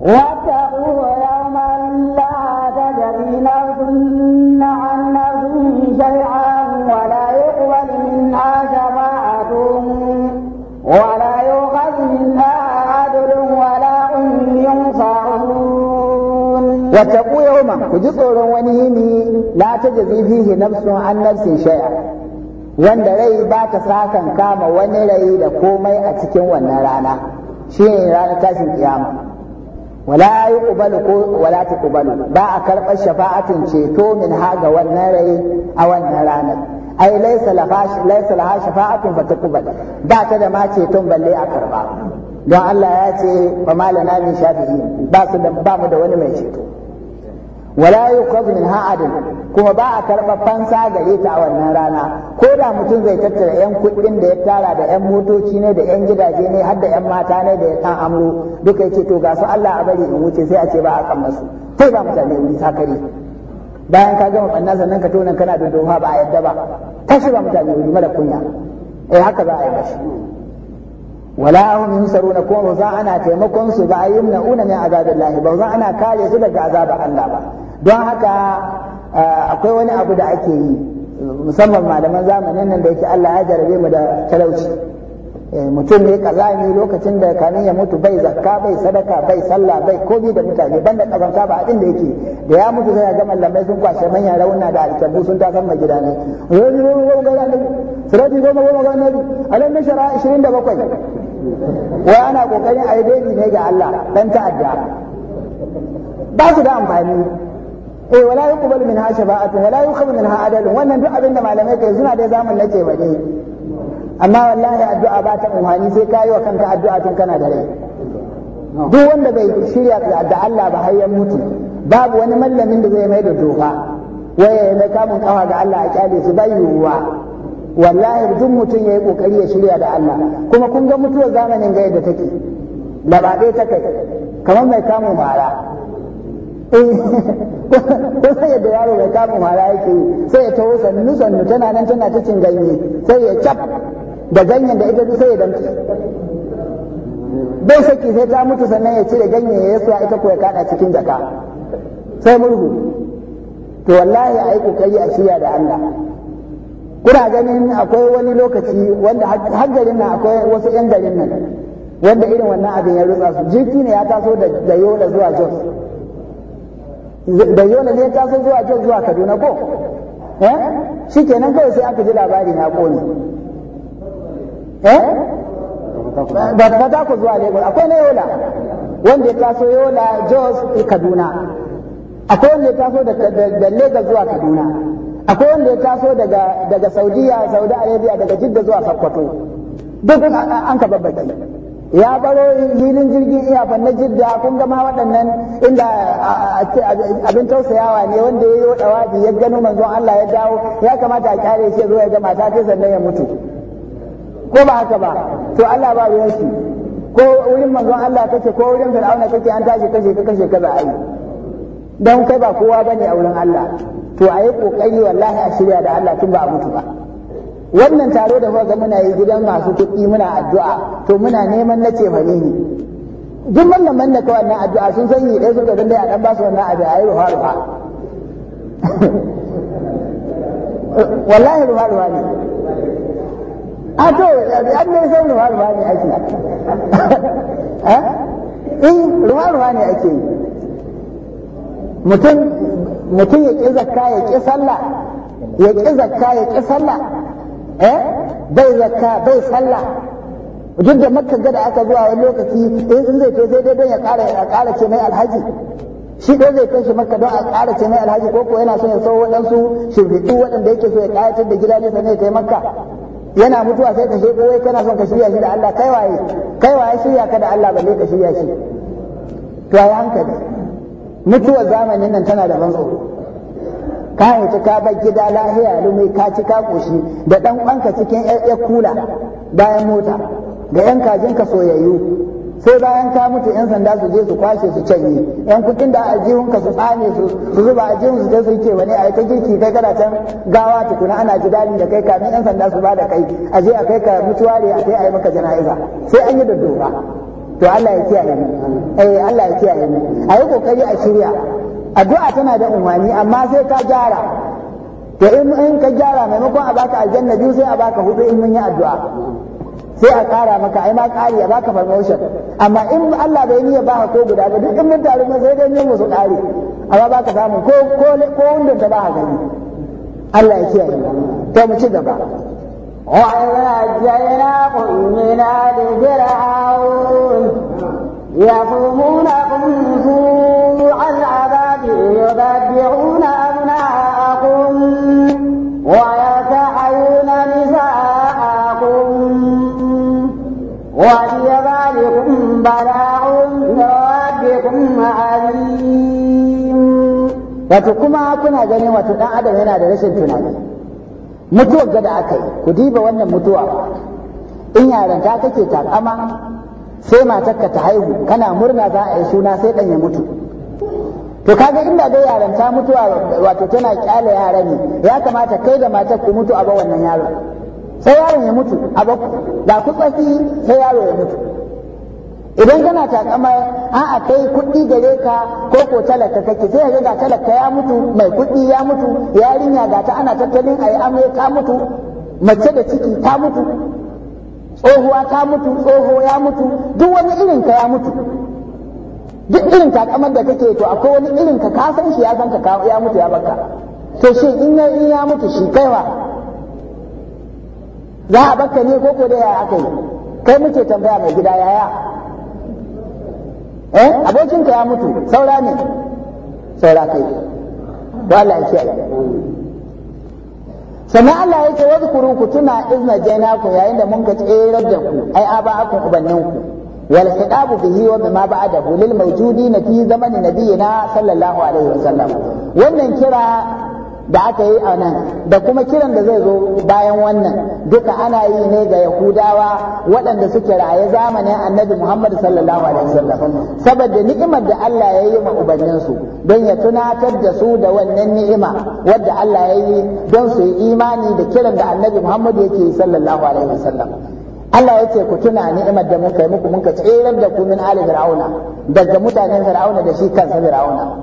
Wataƙuma ya mallaka na annabin ya wama ku ji tsoron wani yini na ta jibi biyu na suna annabin shayar, wanda rayu ba ta sakan kama wani rai da komai a cikin wannan rana? shine ranar tashin kiyama wala ƙubalu ko wala ƙubalu ba a karɓar shafa'atin ceto min ha ga wannan rai a wannan ranar ai laisa lafash laha shafa'atun fa tuqbal ba ta da ma ceton balle a karba don Allah ya ce fa malana min shafi'in ba su da ba mu da wani mai ceto wala yuqad min ha'adin kuma ba a karɓa fansa gare ta a wannan rana ko da mutum zai tattara yan kuɗin da ya tara da yan motoci ne da yan gidaje ne har da yan mata ne da ɗan amuru duka ce to ga su Allah a bari in wuce sai a ce ba a kan masu sai ba mutane wuri kare bayan ka gama ɓanna sannan ka tonan kana da doha ba a yadda ba tashi ba mutane wuri mara kunya eh haka za a yi bashi wala hum yunsaruna kuma ba za ana taimakon su ba ayyuna una min azabillahi ba za ana kare su daga azabar Allah ba don haka eh, akwai wani abu da ake yi musamman malaman zamanin nan da yake Allah ya jarabe mu da talauci eh, mutum ne kazami lokacin da kamin ya mutu bai zakka bai sadaka bai sallah bai komi da mutane banda kazanta ba abin da yake da ya mutu sai ga mallamai sun kwashe manyan rauna da alkabu sun ta san magida ne yanzu goma goma ga nan sarati goma goma ga nan alam na shara 27 wai ana kokarin ayi ne ga Allah dan ta'adda ba su da amfani eh wala yuqbalu minha shafa'atun wala yuqbalu minha adalun wannan duk abinda malamai kai suna da zamun nake ba amma wallahi addu'a ba ta umhani sai yi wa kanka addu'a tun kana da rai duk wanda bai shirya da Allah ba har ya mutu babu wani mallamin da zai mai da doka waye ya mai kamun kawa ga Allah a kyale su bai yiwuwa wallahi duk mutum ya yi kokari ya shirya da Allah kuma kun ga mutuwar zamanin ga yadda take labaɗe ta kai kamar mai kamun bara Eh, ko sai yadda yaro bai kama mara yake yi sai ya taho sannu sannu tana nan tana ta cin ganye sai ya cap da ganyen da ita sai ya damce bai saki sai ta mutu sannan ya cire ganye ya yasa ita ko ya kada cikin jaka sai murhu to wallahi a yi kokari a shirya da Allah kuna ganin akwai wani lokaci wanda har garin nan akwai wasu yan garin nan wanda irin wannan abin ya rutsa su jirgi ne ya taso da yola zuwa jos da yona ne ta san zuwa can zuwa kaduna ko eh shi kenan kawai sai aka ji labari na kone eh ba ta ta ku zuwa lagos akwai na yola wanda ya taso yola jos kaduna akwai wanda ya taso da lagos zuwa kaduna akwai wanda ya taso daga daga saudiya saudi arabia daga jidda zuwa sakkwato duk an ka babbaki ya baro filin jirgin iya na jidda kun gama waɗannan inda abin tausayawa ne wanda ya yi waɗawa ya gano manzo Allah ya dawo ya kamata a kyare shi zo ya ga mata ta sannan ya mutu ko ba haka ba to Allah ba ruwan shi ko wurin manzo Allah kace ko wurin Fir'auna kake an tashi kashe ka kashe ka za a yi don kai ba kowa bane a wurin Allah to a yi kokari wallahi a shirya da Allah tun ba a mutu ba wannan taro da muka muna yi gidan masu kuɗi muna addu'a to muna neman na ce mani ne duk man da kawai wannan addu'a sun san yi ɗaya suka gaban da a ɗan ba su wannan addu'a yi ruwa ruwa wallahi ruwa ruwa ne a to an ne san ruwa ruwa ne ake in ruwa ruwa ne ake yi mutum ya ƙi zakka ya ƙi sallah ya ƙi zakka ya ƙi sallah eh bai zakka bai sallah duk da makka gada aka zuwa wani lokaci in zai to sai dai don ya ƙara ya ƙara ce mai alhaji shi ɗaya zai kai shi makka don a ƙara ce mai alhaji ko ko yana so ya sau waɗansu shirbitu waɗanda yake so ya ƙayatar da gida nesa ne ya kai makka yana mutuwa sai ka shego wai kana son ka shirya shi da Allah kai waye kai waye shirya ka da Allah balle ka shirya shi to ayi hankali mutuwar zamanin nan tana da ban tsoro ka haifi ka bar gida lahiya lumai ka ci ka koshi da dan uwanka cikin yar kula bayan mota da yan ka soyayyu sai bayan ka mutu yan sanda su je su kwashe su canye yan kudin da ka su tsane su su zuba aljihun su je su ce wani ai ta girki kai kana can gawa tukuna ana jidalin da kai kamin yan sanda su ba da kai a je a kai ka mutuware a kai ai maka jana'iza sai an yi da doka to Allah ya kiyaye mu eh Allah ya kiyaye mu a kokari a shirya addu'a tana da unwani amma sai ka gyara to in in ka gyara maimakon a baka aljanna biyu sai a baka hudu in mun yi addu'a sai a ƙara maka ai ma kari a baka promotion amma in Allah bai niyya ba ko guda ba duk in mun taru sai dai ne musu ƙari amma baka samu ko ko ko wanda ta ba gani Allah ya kiyaye to mu ci gaba وأنجيناكم من آل فرعون يصومونكم سوء يذبحون أبناءكم ويستحيون نساءكم وفي ذلكم بلاء من ربكم عليم وتكما كنا جنين وتدعى yana da rashin tunani. mutuwar gada aka yi ku diba wannan mutuwa in yaranta kake takama sai matarka ta haihu kana murna za a yi suna sai ɗan ya mutu to kaga inda dai ta mutuwa wato tana kyale yara ne ya kamata kai da matar ku mutu a ba wannan yaron sai yaron ya mutu a ba da ku tsaki sai yaro ya mutu idan kana takama a a kai kuɗi gare ka ko ko talaka kake sai ga talaka ya mutu mai kuɗi ya mutu yarinya ga ta ana tattalin ayi amre ta mutu mace da ciki ta mutu tsohuwa ta mutu tsoho ya mutu duk wani irin ka ya mutu duk irin takamar da kake to akwai wani irin ka kasan shi ya san ka ya mutu ya baka to shi in ya yi ya mutu shi kaiwa za a baka ne ko ko da ya aka yi kai muke tambaya mai gida yaya eh abokin ka ya mutu saura ne saura kai wala Allah ya kiyaye Allah ya ce ku tuna izna ku yayin da mun ka tsere da ku ai aba akun ubanninku ku والحقاب khitabu bihi da bima ba'dahu lil mawjudin fi zaman nabiyina sallallahu alaihi wannan kira da aka yi a nan da kuma kiran da zai zo bayan wannan duka ana yi ne ga yahudawa waɗanda suke raye zamanin annabi muhammad sallallahu alaihi wasallam saboda ni'imar da allah ya yi ma ubanninsu don ya tunatar da su da wannan ni'ima wadda allah ya yi don su yi imani da kiran da annabi muhammad yake sallallahu alaihi wasallam Allah ya ce ku tuna ni'imar da muka yi muku muka tseren da ku ali fir'auna daga mutanen fir'auna da shi kansa fir'auna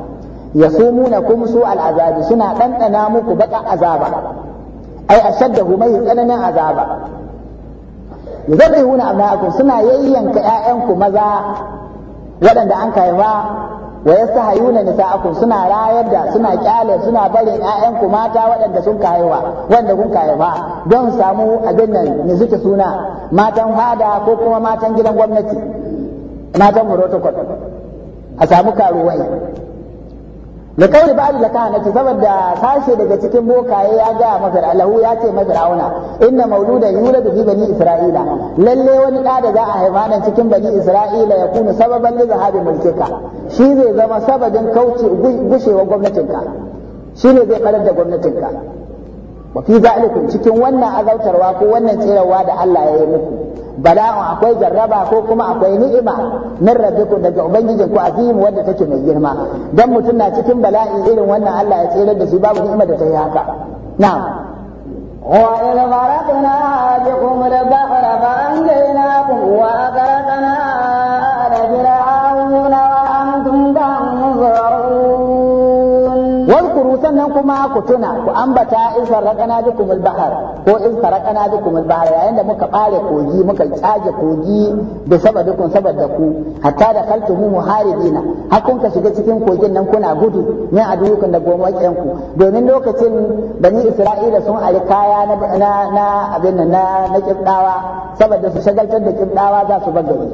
yasumuna kum su al'azabi suna ɗanɗana muku baka azaba ai ashaddahu mai tsananin azaba yuzabbihuna abna'akum suna yayyanka ƴaƴanku maza waɗanda an kaifa wa yastahayuna nisa'akum suna rayar da suna kyale suna barin ƴaƴan ku mata waɗanda sun kayewa wanda kun kayewa don samu abin nan ne zuke suna matan fada ko kuma matan gidan gwamnati matan protocol a samu karuwai da kawai babu da kana saboda sashe daga cikin bokaye ya ga mafir alahu ya ce mafir'auna auna inna mauluda yuladu fi bani isra'ila lalle wani da da za a haifa cikin bani isra'ila ya kunu sababan da zahabi mulkika shi zai zama sababin kauce gwamnatinka shi ne zai karar da gwamnatinka wa fi zalikum cikin wannan azautarwa ko wannan tserawa da Allah ya yi muku bala'un akwai jarraba ko kuma akwai ni'ima min rabbikum daga ubangijin ku azim wanda take mai girma dan mutum na cikin bala'i irin wannan Allah ya tsere da shi babu ni'ima da ta yi haka na'am وإذ غرقنا بكم البحر فأنجيناكم وأغرقنا sannan kuma ku tuna ku ambata in farraqana bikum al-bahr ko in farraqana bikum al-bahr yayin da muka bare kogi muka tsage kogi da sabadukun sabadda ku hatta da kaltumu muharibina har kun ka shiga cikin kogin nan kuna gudu ne a dukkan da goma ku domin lokacin bani isra'ila sun ari kaya na na abin na na kibdawa saboda su shagaltar da kibdawa za su bar gari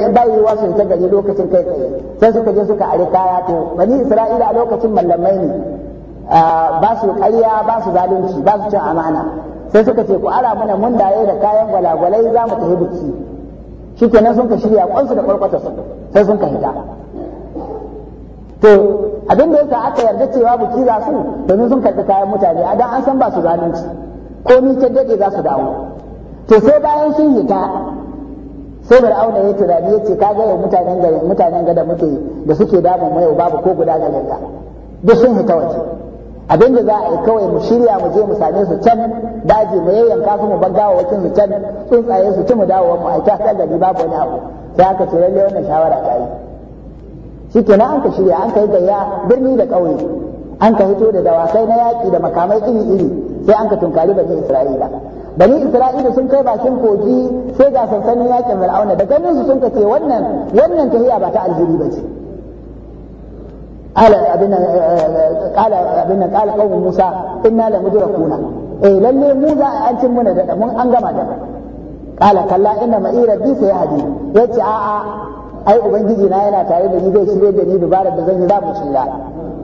don bayuwa sun ta gari lokacin kai tsaye sai suka je suka ari kaya to bani isra'ila a lokacin mallamai ne Ah, ba su ƙarya ba su zalunci ba su cin amana sai suka ce ku ara mana mundaye da kayan gwalagwalai za mu tafi biki shi kenan sun ka shirya kwansu da kwarkwata su sai sun ka hita to abin da yasa aka yarda cewa biki za su domin sun karɓi kayan mutane a dan an san ba su zalunci ko ni ta dade za su dawo to sai bayan sun hita sai auna ya tunani ya ce ka ga yau mutanen gada muke da suke damun mai babu ko guda da lalla duk sun hita waje abin da za a yi kawai mu shirya mu je mu same su can daji mu yayyan kafin mu bangawa wakin su can tsuntsaye su ci mu dawo mu aika ta gari babu wani abu sai aka ce lalle wannan shawara ta yi shi kenan an ka shirya an ka yi gayya birni da ƙauye an ka hito da dawakai na yaƙi da makamai iri iri sai an ka tunkari bani isra'ila bani isra'ila sun kai bakin kogi sai ga sansanin yaƙin fir'auna da ganin su sun ka ce wannan wannan tahiya ba ta aljiri ba ce قال ابن قال ابن قال قوم موسى انا لمدركون eh lalle mu za a yancin muna da mun an gama da kala kalla in na ma'irar bisa ya hadi yace a ai ubangiji na yana tare da ni zai shirye da ni dubara da zan yi za mu shira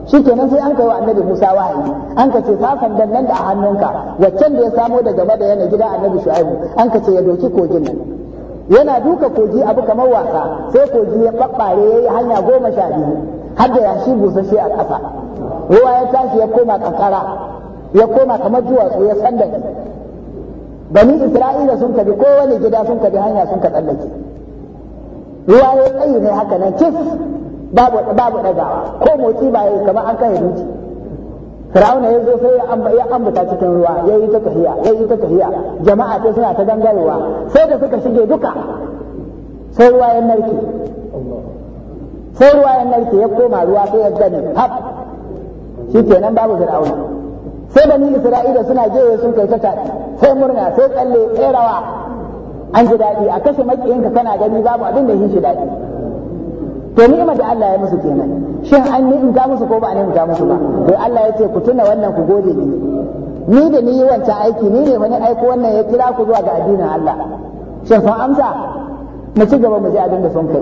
shikenan sai an kai wa annabi Musa wahayi an ka ce safan dan nan da a hannunka waccan da ya samo daga madayana gida annabi Shu'aibu an ka ce ya doki kogin nan yana duka kogi abu kamar wasa sai kogi ya babbare yayi hanya goma sha biyu har da yashi busasshe a ƙasa ruwa ya tashi ya koma kankara ya koma kamar duwatsu ya sanda bani isra'ila sun kabi kowane gida sun kabi hanya sun ka tsallake ruwa ya tsayi ne haka nan cis babu babu ko motsi ba yi kamar an kai rinci Fir'auna ya zo sai ya ambata cikin ruwa ya yi ta tafiya ya yi ta tafiya jama'a sai suna ta gangarewa sai da suka shige duka sai ruwa ya narke sai ruwa ya narke ya koma ruwa sai ya gane haf shi kenan babu fir'aun sai bani isra'ila suna jeye sun kai ta sai murna sai tsalle tserawa an ji daɗi a kashe makiyinka kana gani babu abin da shi daɗi to ni'imar da Allah ya musu kenan shin an in ga musu ko ba a ga musu ba to Allah ya ce ku tuna wannan ku gode ni ni da ni yi wancan aiki ni ne wani aiko wannan ya kira ku zuwa ga addinin Allah shin sun amsa mu ci gaba mu ji abin da sun kai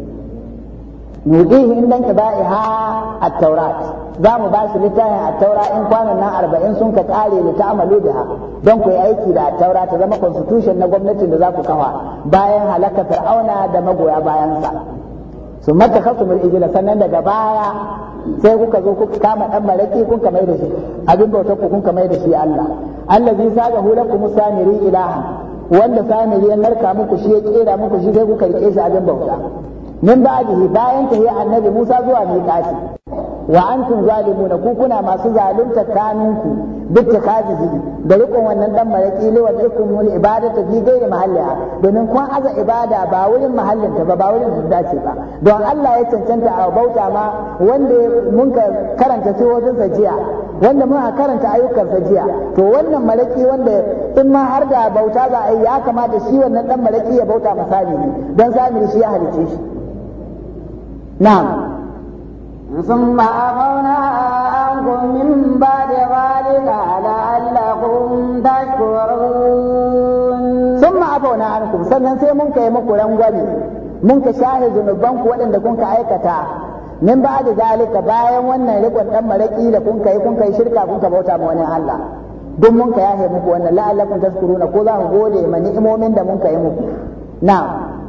nudihi in dan ha a taurat za mu ba littafin a taura in kwanan nan arba'in sun ka kare da ta amalu da ha don ku yi aiki da taura ta zama constitution na gwamnatin da za ku kawa bayan halaka fir'auna da magoya bayansa su mata kasumul ijila sannan daga baya sai kuka zo kuka kama dan maraki kun ka mai da shi abin bautar ku kun ka mai da shi Allah allazi saga hulakum samiri ilaha wanda samiri ya narka muku shi ya kera muku shi sai kuka rike shi abin bauta min ba'dihi bayan ta ya annabi Musa zuwa miqati wa antum zalimuna na kukuna masu zalunta kanunku bittikazihi da rikon wannan dan maraki li wa ikum mul ibadatu fi ghairi mahalliha domin kun aza ibada ba wurin mahallin ba wurin da dace ba don Allah ya cancanta a bauta ma wanda mun karanta sirrin jiya wanda mun karanta ayyukan jiya to wannan malaki wanda in ma har da bauta za yi ya kamata shi wannan dan malaki ya bauta misali ne dan zamiri shi ya halice shi na'am ثم عفونا عنكم من بعد ذلك لعلكم تشكرون ثم عفونا عنكم sannan sai mun kai muku rangwame mun ka shahe zunubanku waɗanda kun aikata min ba da zalika bayan wannan rikon ɗan maraki da kun kai kun kai shirka kun ka bauta ma wani Allah duk mun ka yahe muku wannan la'allakum tashkuruna ko za ku gode ma ni'imomin da mun kai muku na'am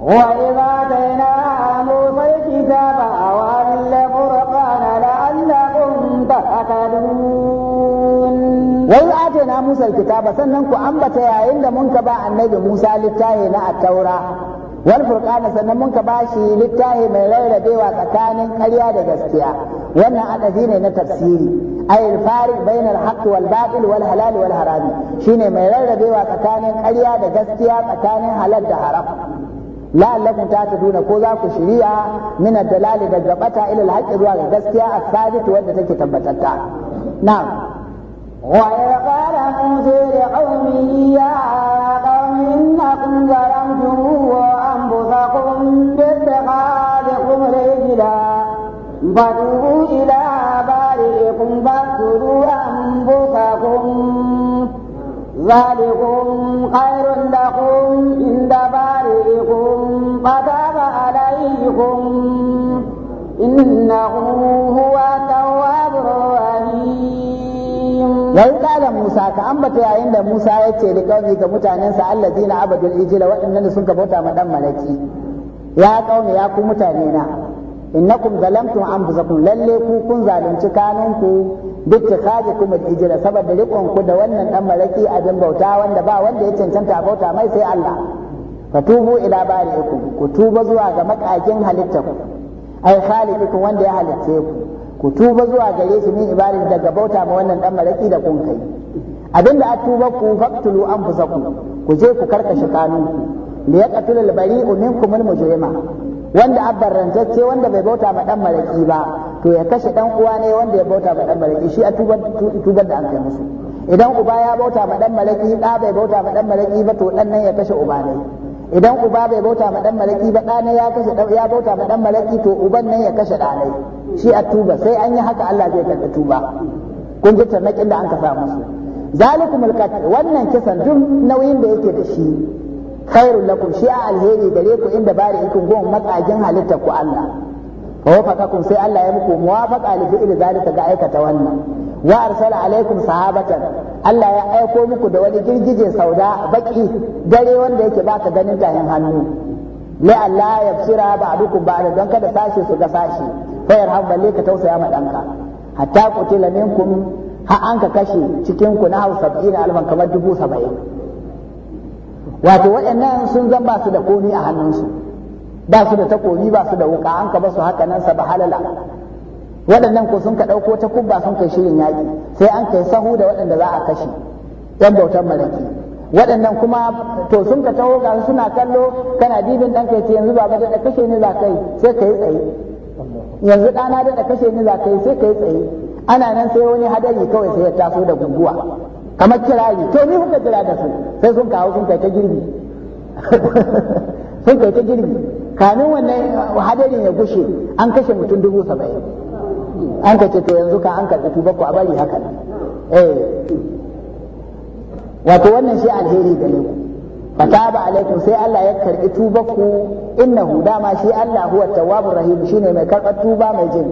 وإذا آتينا موسى الكتاب وأن الفرقان لعلكم تهتدون وإذ آتينا موسى الكتاب سننكو أنبت يا من كبا النبي موسى للتاهي التوراة wal furqana sannan mun ka shi littafi mai rarrabewa tsakanin karya da gaskiya wannan adabi ne na tafsiri ayil farid bainal haqq wal batil wal halal wal shine mai rarrabewa tsakanin karya da gaskiya tsakanin halal da haram la'allakum tahtaduna ko za ku shiriya min dalali daga bata ila al zuwa ga gaskiya a sabit wanda take tabbatatta na'am وقال موسى لقومه يا قوم إنكم ظلمتم أنفسكم باتخاذكم رجلا فتوبوا إلى بارئكم فاقتلوا أنفسكم ذلكم خير لكم Musa ka ambata yayin da Musa ya ce da kauni ga mutanensa Dina, abadul ijila waɗannan sun bauta ma dan malaki ya kauni ya ku mutane na innakum zalamtum anfusakum lalle ku kun zalunci kanunku kaji kuma hijira saboda rikon ku da wannan dan malaki abin bauta wanda ba wanda ya cancanta bauta mai sai Allah fatubu ila bari'ikum ku tuba zuwa ga makakin ku. ai khaliqikum wanda ya halitta ku ku tuba zuwa gare shi min ibarin daga bauta ma wannan dan malaki da kun kai abinda a atuba ku an anfusakum ku je ku karkashe kanu da ya qatula al-bari'u minkum al-mujrima wanda abbarantacce wanda bai bauta ma dan malaki ba to ya kashe dan uwa ne wanda ya bauta ma dan malaki shi a tubar tubar da an kai musu idan uba ya bauta ma dan malaki da bai bauta ma dan malaki ba to dan nan ya kashe uba ne idan uba bai bauta ma dan malaki ba dan ya kashe ya bauta ma dan malaki to uban nan ya kashe dan ne shi a tuba sai an yi haka Allah zai karɓi tuba kun ji tarnakin da an kafa musu zalikum qatl wannan kisan duk nauyin da yake da shi khairul lakum shi a alheri gare ku inda bari ikun gon matsagin halitta ku Allah ووفقكم سي الله يمكو موافق ƙalibi فعل ذلك ga aikata wannan wa arsala alaikum sahabatan Allah ya aiko muku da wani girgije sauda baki dare wanda yake baka ganin tahin hannu la Allah ya tsira ba da don kada sashi su ga sashi fa yarham balle ka tausaya ma ɗanka hatta qutila minkum an ka kashe cikin ku na hausa na alman kamar dubu saba'in wato waɗannan sun zan ba su da komi a hannunsu ba su da takobi ba su da wuka an ka basu haka nan saba halala waɗannan ko sun ka ɗauko ta kubba sun kai shirin yaƙi sai an kai sahu da waɗanda za a kashe yan bautar malaki waɗannan kuma to sun ka taho ga suna kallo kana dibin ɗan kai ce yanzu baba da kashe ni za kai sai ka tsaye yanzu ɗana da kashe ni za kai sai ka tsaye ana nan sai wani hadari kawai sai ya taso da guguwa kamar kirari to ni kuka kira da su sai sun kawo sun kai ta girbi sai kai ta girbi kamin wannan hadarin ya gushe an kashe mutum dubu saba'in an ka to yanzu ka an karɓi tuba ku a bari haka nan eh wato wannan shi alheri gare ku fataba alaikum sai Allah ya karɓi tuba ku innahu dama shi Allah huwa tawwabur rahim shine mai karɓar tuba mai jin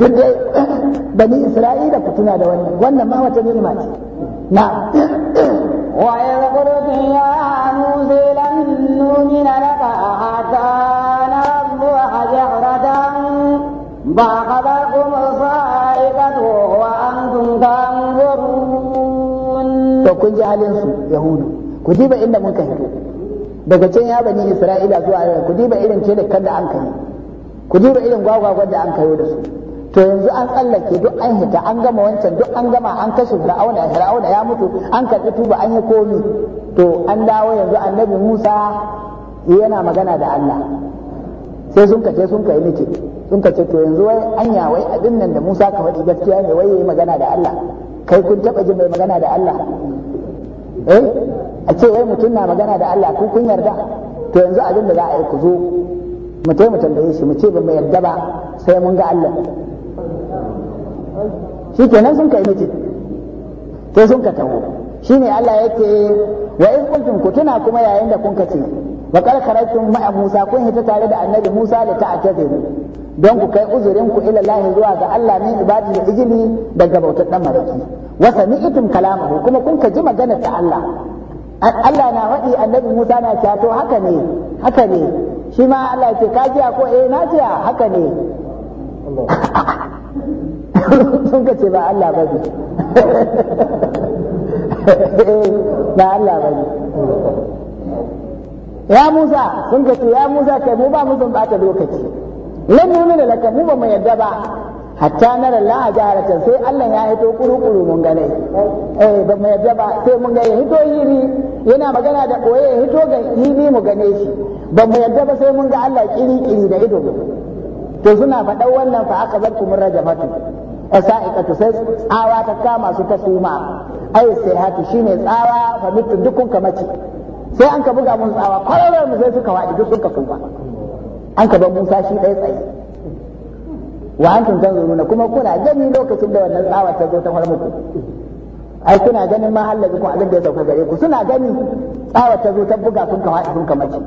duk dai bani isra'ila ku tuna da wannan wannan ma wata ni'ima ce na wa ya qurtu ya musa بأخذكم الصاعقة وأنتم تنظرون فكن جهل يهود كتب إن من كهدو daga can ya bani isra'ila zuwa yau ku diba irin ce da kan da an kai ku diba irin gwagwagwa da an kayo da su to yanzu an tsallake duk an hita an gama wancan duk an gama an kashe fir'auna fir'auna ya mutu an karɓi tuba an yi komi to an dawo yanzu annabi musa yana magana da allah sai sun kace sun kai nake sun ka ce to yanzu wai anya wai abin nan da Musa ka faɗi gaskiya ne wai yayi magana da Allah kai kun taɓa jin mai magana da Allah eh a ce wai mutum na magana da Allah ku kun yarda to yanzu abin da za a yi ku zo mu taimu mu tambaye shi mu ce ba mu yarda ba sai mun ga Allah shi kenan sun kai miji to sun ka taho shine Allah yake wa in kuntum kutuna kuma yayin da kun ka ce wa kar kharajtum ma'a Musa kun hita tare da annabi Musa da ta'taziru don ku kai uzurin ku ila Allah zuwa ga Allah ne ibadi da ijili daga bautar dan maraki wa sami'tum kalamahu kuma kun ka ji maganar ta Allah Allah na waɗi annabi Musa na cewa haka ne haka ne shi ma Allah ce ka jiya ko eh na jiya haka ne sun ka ce ba Allah ba ba Allah ba ya Musa sun ce ya Musa kai mu ba mu bata lokaci lan nuna da laka mu ba mu yadda ba hatta na la ta sai Allah ya hito kuru-kuru mun gane eh ba mu yadda ba sai mun ga hito yiri yana magana da koye ya hito ga yiri mu gane shi ba mu yadda ba sai mun ga Allah kiri-kiri da ido to suna faɗa wannan fa aka zarku mun rajafatu to sai tsawa ta kama su ta suma ai sai hatu shine tsawa fa mutun dukun kamace sai an ka buga musu tsawa kwararar mu sai suka waɗi duk suka kuma. an ka bar musa shi ɗaya tsaye wa zuru na kuma kuna gani lokacin da wannan tsawa ta zo ta far muku ai kuna ganin ma hallabi kun abin da ya sauka gare ku suna gani tsawa ta zo ta buga sun ka waɗi sun ka mace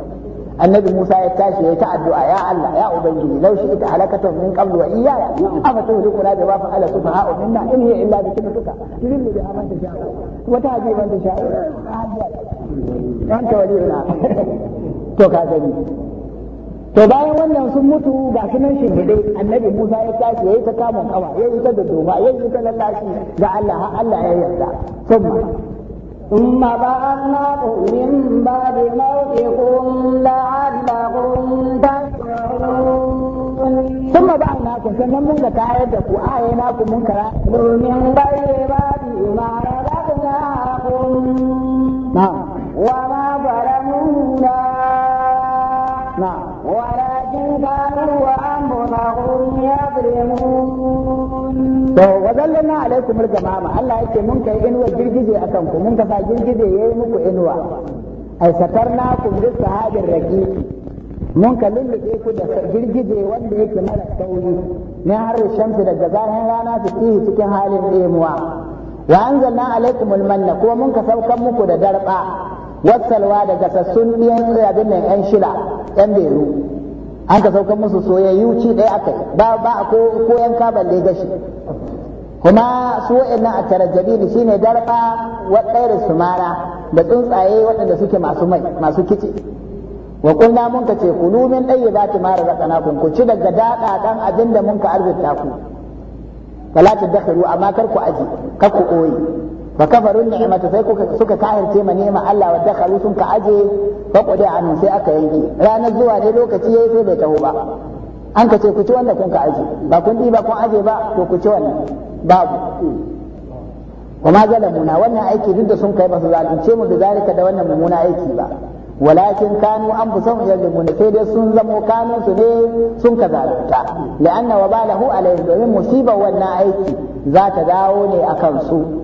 annabi Musa ya tashi ya ta addu'a ya Allah ya ubangiji law shi ita halakatan min qablu wa iyaya afa tuhliku na bima fa ala sufaha minna in hiya illa bi kitabika tudillu bi aman tasha wa tahdi man tasha an ta waliyuna to ka gani to bayan wannan sun mutu ga su nan annabi Musa ya tashi yayi ta kamun kawa yayi ta da yayi ta lallashi ga Allah har Allah ya yarda ثم بعثناكم من بعد موتكم لعلكم تشكرون ثم بعثناكم sannan mun ga tayar da ku aye na ku mun kara domin bai ba wa ma wa to wazallin na alaikum gamama Allah yake mun kai inuwar girgije a kanku mun kafa girgije ya yi muku inuwa ai satar na ku bi sahabin raƙiƙi mun ka lullube ku da girgije wanda yake mara sauri ne har shamsu daga zahin rana su tihi cikin halin ɗemuwa wa anzalna alaikum almanna kuma mun ka saukan muku da darba wasalwa daga sassun ɗiyan abin nan yan shila yan beru an ka saukan musu soyayyu ci ɗaya aka ba ba ko ko yanka balle gashi kuma su wa'annan a tarajjabi shine darba wa su sumara da tsuntsaye waɗanda suke masu mai masu kici wa mun ka ce kulu min mara ma kun ku ci daga daɗa ɗan abin da mun ka arzuta ku fala tadkhulu amma kar ku aji kar ku ɓoye. fa kafarun ni'mata sai suka kafirce ma nema Allah wa dakhalu sun ka aje fa qudi an sai aka yanke ranar zuwa ne lokaci yayi sai bai taho ba an ka ce wanda kun ka aje ba kun ɗiba kun aje ba to ku wannan babu وما ظلمونا wannan aiki duk da sun kai ba su zalunce mu da zalika da wannan mummuna aiki ba walakin kanu an busan yalmuna sai dai sun zamo kanun ne sun ka zalunta la'anna wabalahu alaihi domin musibar wannan aiki za ta dawo ne a kansu.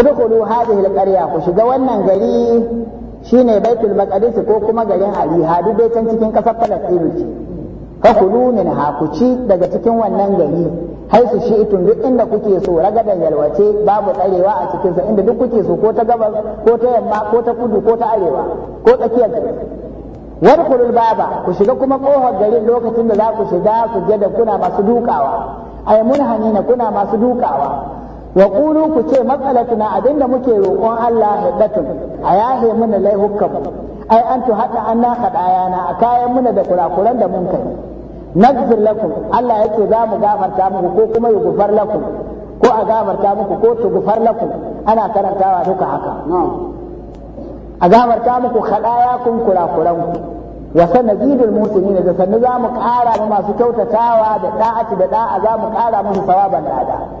udkhulu hadhihi alqarya ku shiga wannan gari shine baitul maqdis ko kuma garin ali hadu dai can cikin kasar palestine ce fa kulu min ku ci daga cikin wannan gari haisu shi itun duk inda kuke so ragadan yalwace babu tsarewa a cikin sa inda duk kuke so ko ta gabas ko ta yamma ko ta kudu ko ta arewa ko tsakiyar gari wadkhulul baba ku shiga kuma kohar garin lokacin da za ku shiga ku je da kuna masu dukawa ay munhanina kuna masu dukawa wa qulu ku ce matsalatuna abinda muke roƙon Allah hiddatun a yahe mana laihukan ai an tu hada anna hadayana a kayan muna da kurakuran da mun kai nagfir lakum Allah yake za mu gafarta muku ko kuma ya gufar lakum ko a gafarta muku ko tu gufar lakum ana karantawa duka haka a gafarta muku hadayakum kurakuran ku wa sanajidul muslimin da sannu za mu ƙara masu kyautatawa da da'ati da da'a za mu ƙara musu sawaban da da'a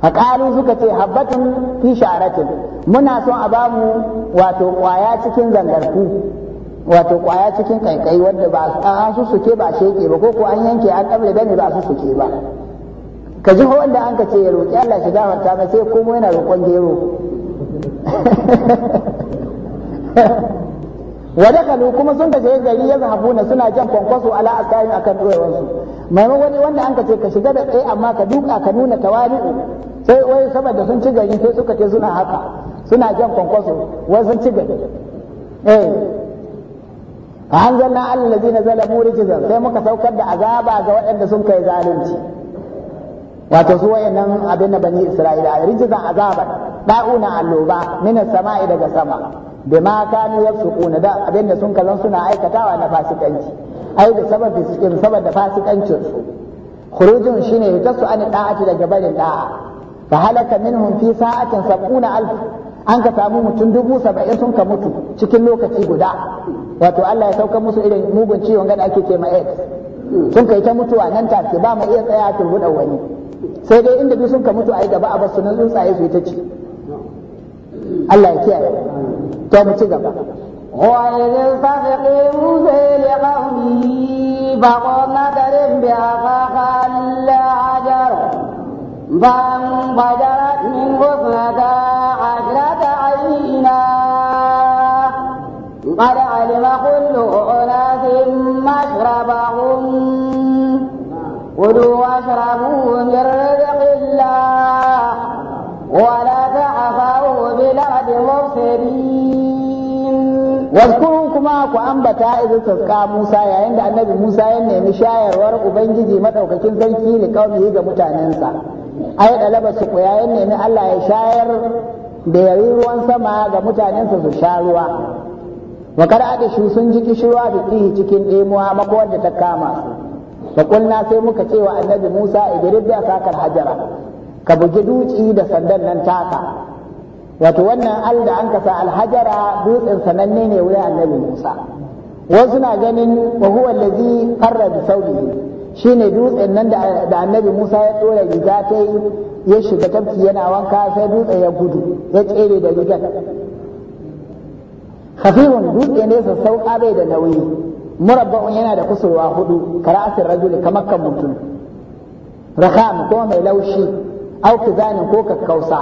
faƙalu suka ce habbatun fi sha'aratin muna son a bamu wato ƙwaya cikin zangarku wato ƙwaya cikin ƙaiƙai wadda ba a su suke ba sheke ba ko ko an yanke an ɗaure gani ba su suke ba ka ji wanda an ka ce ya roƙi Allah shi gafarta ta sai komo yana roƙon gero wa kalu kuma sun kaje gari ya na suna jan kwankwaso ala akan doyewansu maimakon wanda an ka ce ka shiga da tsaye amma ka duka ka nuna tawali'u sai wai saboda sun ci gari sai suka ce suna haka suna jan kwankwaso wai sun ci gari eh allazi na zala zalamu zan sai muka saukar da azaba ga waɗanda sun kai zalunci wato su wayannan abin da bani isra'ila rijizan azaba da'una alloba min samai daga sama ma kanu yafsukuna da abin da sun kazan suna aikatawa na fasikanci ai da sababi saboda fasikancin su khurujun shine su an da'ati daga barin da'a fa halaka minhum fi sa'atin sab'una alf an ka samu mutum dubu saba'in sun ka mutu cikin lokaci guda wato Allah ya sauka musu irin mugun ciwon gada ake ce ma sun kai ta mutuwa nan take ba ma iya tsaya turbuɗa wani sai dai inda duk sun ka mutu a yi gaba a basu na tsuntsaye su yi ta ci Allah ya kiyaye to mu ci gaba وإذ التفق موسى لقومه فقل نكرم بأخاك الحجر فانفجرت منه اثنتا عشرة عينا قد علم كل أناس مشربهم كلوا واشربوا من رزق الله ولا تعفوا بالأرض مفسدين واذكروا kuma ku ambata idan sauka Musa yayin da annabi Musa ya nemi shayarwar Ubangiji madaukakin sarki ne kawai ga mutanensa. ai ɗalaba su ƙuyayen nemi Allah ya shayar da yari ruwan sama ga mutanensa su sha ruwa wa kada shi sun ji kishirwa da ƙihi cikin ɗemuwa makowar da ta kama su fa sai muka ce wa annabi Musa idrib bi sakar hajara ka bugi duci da sandan nan taka wato wannan al da an kasa alhajara dutsen sananne ne wuri annabi Musa wasu na ganin wa huwa allazi qarra bi Shi ne dutsen nan da annabi Musa ya dora riga ta yi ya shiga tafki yana wanka sai dutsen ya gudu ya tsere da rigar khafifun dutse ne sassauƙa bai da nauyi murabba'un yana da kusurwa hudu karasin rajuli kamar kan mutum rakam ko mai laushi au kizanin ko kakkausa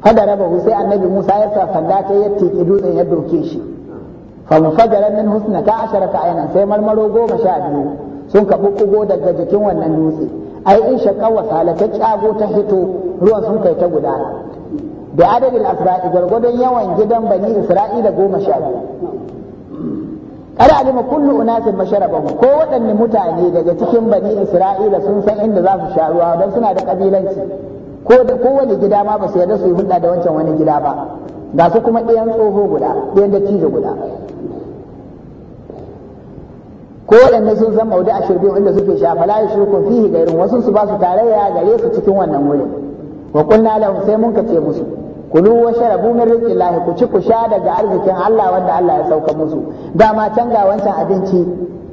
fada raba sai annabi Musa ya sa sanda ta ya tiki dutsen ya doke shi fa mufajjalan min husna ta ashara sai marmaro goma sha biyu sun ka bukugo daga jikin wannan dutse ai in shakka wasala ta kyago ta hito ruwan sun kai ta guda. da adadin asra'i gwargwadon yawan gidan bani isra'ila goma sha biyu kada alima kullu unasin masharaba ko waɗanne mutane daga cikin bani isra'ila sun san inda za su sha ruwa don suna da kabilanci ko da kowane gida ma ba su yarda su yi hulɗa da wancan wani gida ba ga su kuma ɗayan tsoho guda ɗayan dattijo guda ko waɗanne sun san maudu a shirbin inda suke sha fala ya shirkun fihi gairin wasu su ba su tarayya gare su cikin wannan wurin wa kunna lahum sai mun kace musu kulu wa sharabu min rizqillahi ku ci ku sha daga arzikin Allah wanda Allah ya sauka musu dama can ga wancan abinci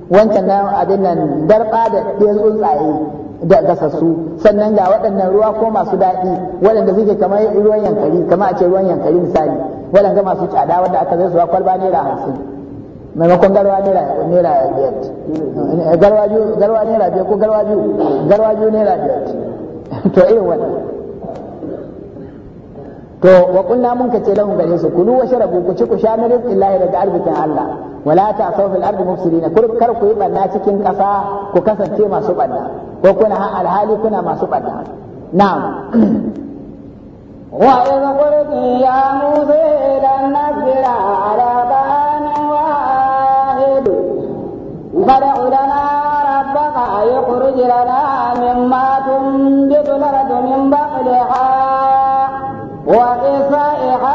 wancan nan abin nan darba da ɗayan tsuntsaye da gasassu sannan ga waɗannan ruwa ko masu daɗi waɗanda suke kamar ruwan yankari kamar a ce ruwan yankari misali waɗanda masu tsada wanda aka zai su kwalba naira hamsin maimakon garwa naira biyar garwa biyu garwa naira biyar ko garwa biyu garwa biyu naira biyar to irin wannan to wa kunna mun kace lahum gare su kulu wa sharabu ku ci ku sha min rizqillahi daga arzikin Allah wala ta'saw fil ardi mufsidina kur kar ku yi banna cikin kasa ku kasance masu banna ko kuna alhali kuna masu banna na'am وإذ قلت يا موسى لن نصبر على بعض تخرج لنا مما تنبت الأرض من بقلها وقصائها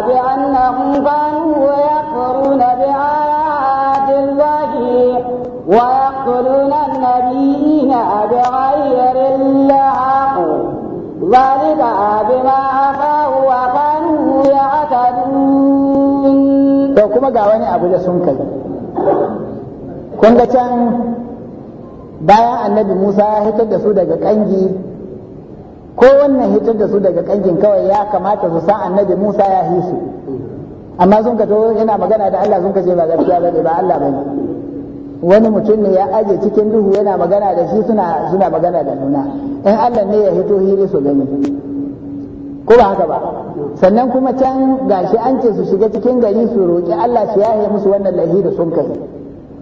بأنهم كانوا يكفرون بآيات الله ويقتلون النبيين بغير الحق ذلك بما أخاه وكانوا يعتدون to كما قاواني أبو abu da كنت كان kun ga can bayan annabi Musa ya ko wannan hitar da su daga kangin kawai ya kamata su san annabi Musa ya hi su amma sun ka to yana magana da Allah sun ka ce ba gaskiya bane ba Allah bane wani mutum ne ya aje cikin duhu yana magana da shi suna suna magana da nuna in Allah ne ya hito hiri su gani ko ba haka ba sannan kuma can gashi an ce su shiga cikin gari su roƙi Allah shi yahe musu wannan lahi da sun kai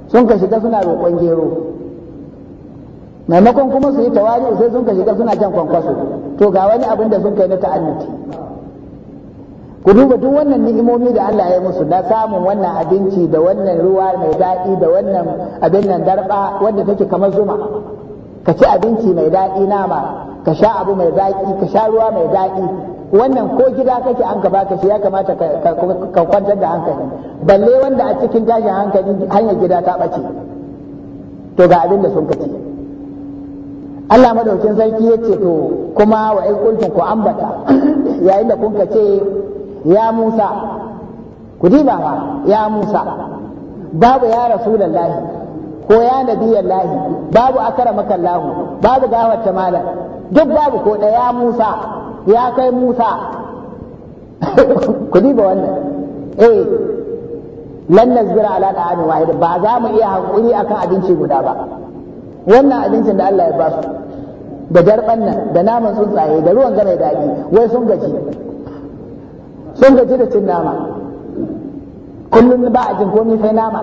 sun ka shiga suna roƙon gero maimakon kuma su yi tawari sai sun ka shiga suna jan kwankwaso to ga wani abin da sun kai na ta'annuti ku duba duk wannan ni'imomi da Allah ya yi musu na samun wannan abinci da wannan ruwa mai daɗi da wannan abin nan darba wanda take kamar zuma ka ci abinci mai daɗi nama ka sha abu mai zaƙi ka sha ruwa mai daɗi wannan ko gida kake an ka baka shi ya kamata ka kwantar da hankali balle wanda a cikin tashin hankali hanyar gida ta ɓace to ga abin da sun kace Allah madaukin sarki ya ce to kuma wa in ku ambata yayin da kun ce ya Musa ku ba ba ya Musa babu ya rasulullahi ko ya nabiyallahi babu akramaka Allah babu ta malam duk babu ko da ya Musa ya kai Musa ku ba wannan eh lan nazira ala ta'ani wahid ba za mu iya hankuri akan abinci guda ba wannan abincin da Allah ya ba su da jarban nan da naman tsuntsaye da ruwan gane daɗi wai sun gaji sun gaji da cin nama kullum ba a jin komai sai nama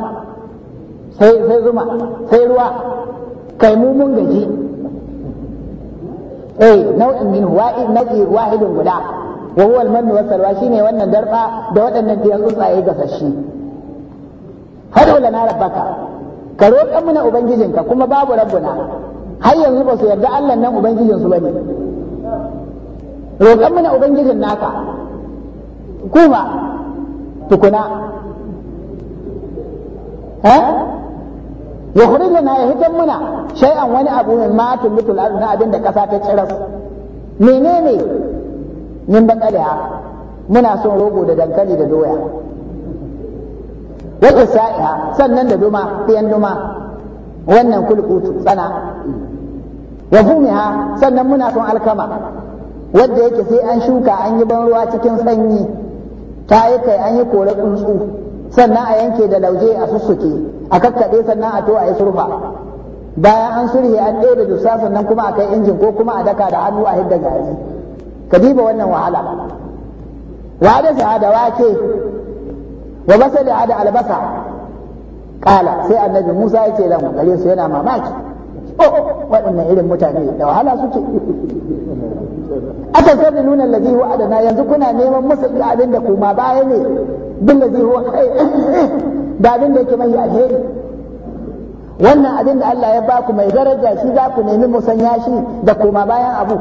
sai zuma sai ruwa kai mu mun gaji eh nau'in min wa'id nadi wahidun guda wa huwa al-mannu wa sarwa shine wannan darba da waɗannan biyan tsuntsaye sashi hadu lana rabbaka ka roƙa muna ubangijinka kuma babu rabbuna har yanzu ba su yarda Allah nan ubangijin su bane roƙan muna ubangijin naka kuma tukuna ha ya hurin na ya hitan muna shay'an wani abu min ma tulutul ardh na abin da kasa ta tsiras menene min bakaliya muna son rogo da dankali da doya wa isa'iha sannan da duma ɗiyan duma wannan kulkutu tsana wa fumiha sannan muna son alkama wadda yake sai an shuka an yi ban ruwa cikin sanyi ta yi kai an yi kore tsuntsu sannan a yanke da lauje a sussuke a kakkaɗe sannan a to a yi surfa bayan an surhe an da dusa sannan kuma a kai injin ko kuma a daka da hannu a hidda gari ka diba wannan wahala wa da shahada wake wa basali da albasa kala sai annabi Musa ya ce lan gare su yana mamaki oh, waɗannan irin mutane da wahala suke aka sani nuna lazi wa adana yanzu kuna neman musu abin da kuma baya ne bin lazi wa da abin da yake mai alheri wannan abin da Allah ya baku mai daraja shi za ku nemi musanya shi da koma bayan abu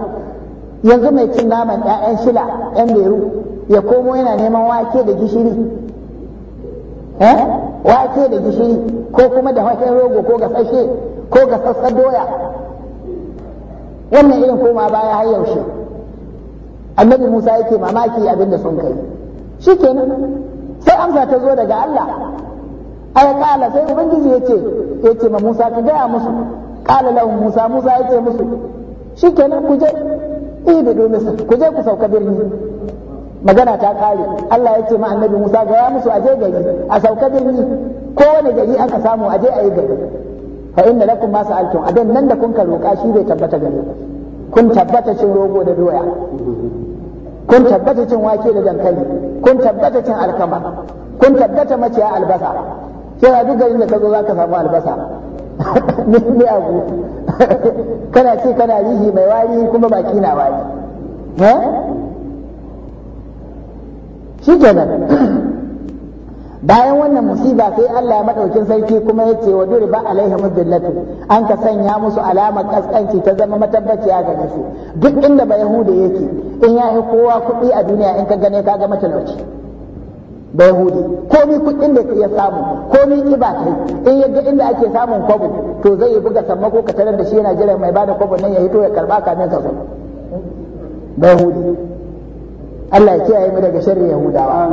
yanzu mai cin naman 'ya'yan shila 'yan beru ya komo yana neman wake da gishiri Eh? wake da gishiri ko kuma da wake rogo ko ga sashe ko ga sassa doya wannan irin koma baya har yaushe annabi musa yake mamaki abin da sun kai shi kenan sai amsa ta zo daga allah ay kala sai ubangiji ya ce ya ce ma musa ka gaya musu kala lahu musa musa ya ce musu shi kenan ku je ibidu misir ku je ku sauka birni magana ta kare Allah ya ce ma annabi Musa ga ya musu aje gari a sauka Ko wani gari aka samu aje a yi gari fa inna lakum ma sa'altum adan nan da kun ka roƙa shi bai tabbata gari. kun tabbata cin rogo da doya kun tabbata cin wake da dankali kun tabbata cin alkama kun tabbata maciya albasa Sai a duk garin da ka zo zaka samu albasa ni abu kana ce kana rihi mai wari kuma baki na wari shi bayan wannan musiba sai Allah ya madaukin sarki kuma ya ce wa ba alaihi billatu an ka sanya musu alamar kaskanci ta zama matabbaciya ga su duk inda ba yahuda yake in ya yi kowa kuɗi a duniya in ka gane ka ga matalauci ba yahudi komai kuɗin da ya samu komai kiba kai in yadda inda ake samun kwabo to zai yi buga sammako ka tarar da shi yana jiran mai bada kwabo nan ya hito ya karba kamin ka zo ba yahudi Allah ya kiyaye mu daga sharri yahudawa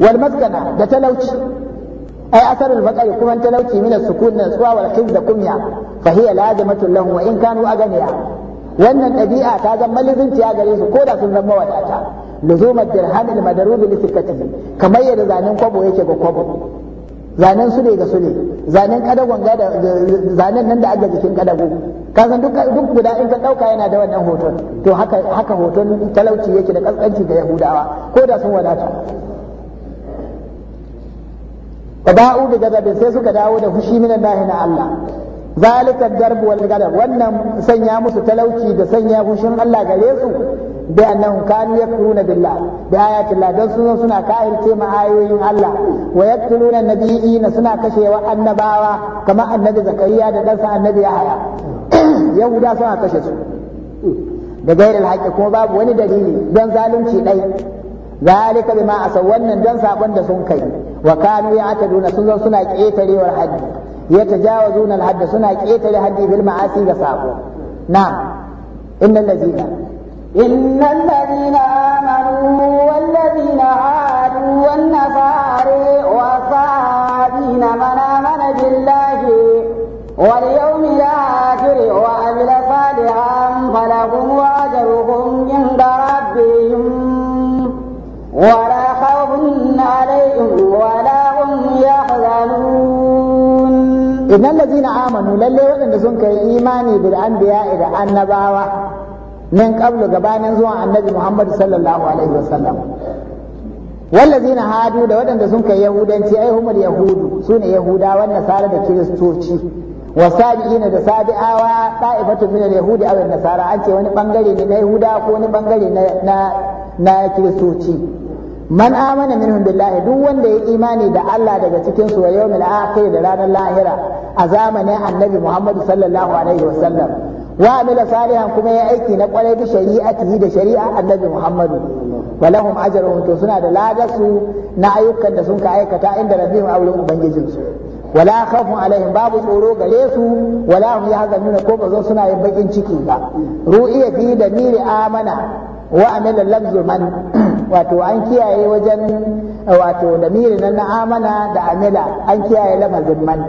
wal maskana da talauci ai asarul al baqai kuma talauci min sukun na tsuwa wal khiz da kumya fa hiya lazimatu lahum wa in kanu aganiya wannan ɗabi'a ta zama a gare su ko da sun zama wadata luzumar dirhamil madarub li sikkatihi kamar yadda zanen kwabo yake ga kwabo zanen su ne ga su ne zanen kadagon ga da zanen nan da aka jikin kadago ka san duk duk guda in ka dauka yana da wannan hoton to haka haka hoton talauci yake da kaskanci ga yahudawa ko da sun wadata kada'u ba'u bi gadabin sai suka dawo da fushi minan lahi Allah zalika darb wal gadab wannan sanya musu talauci da sanya fushin Allah gare su bi annahum kanu yakfuruna billah bi ayati Allah dan su suna kahirce ma ayoyin Allah wa yaqtuluna nabiyina suna kashewa annabawa kamar annabi zakariya da sa annabi yahaya yahuda suna kashe su da gairar haƙƙi kuma babu wani dalili dan zalunci ɗaya zalika bima asawannan wannan don sabon da sun kai wa kanu ya sun zo suna ƙetarewar haddi yatajawazuna al-hadd suna ketare haddi bil ma'asi ga sako na'am innal ladina innal ladina amanu wal ladina hadu wan nasari da sabina man amana billahi wal yawmil akhir wa amila عليهم ولا هم يحزنون innal ladzina amanu lalle waɗanda sun kai imani bil anbiya da annabawa min qablu gabanin zuwa annabi Muhammad sallallahu alaihi wasallam wallazina da waɗanda sun kai yahudanci aihumar humul yahudu sune yahuda wannan sara da kiristoci wa da sabi'awa ta'ifatu min al-yahudi aw an-nasara an ce wani bangare ne na yahuda ko wani bangare na kiristoci man amana minhum billahi duk wanda ya imani da Allah daga cikin su wa yawmil akhir da ranar lahira a zamanin annabi Muhammad sallallahu alaihi wasallam wa amila salihan kuma ya aiki na kwarai bi shari'atihi da shari'a annabi Muhammad wa lahum to suna da ladasu na ayyukan da sun ka aikata inda rabbihim aure ubangijin su wala khawfun alaihim babu tsoro gare su wala hum yahzanuna ko bazan suna yin bakin ciki ba ru'iya fi da miri amana wa amila lafzu man wato an kiyaye wajen wato na amana da amila an kiyaye lafazin man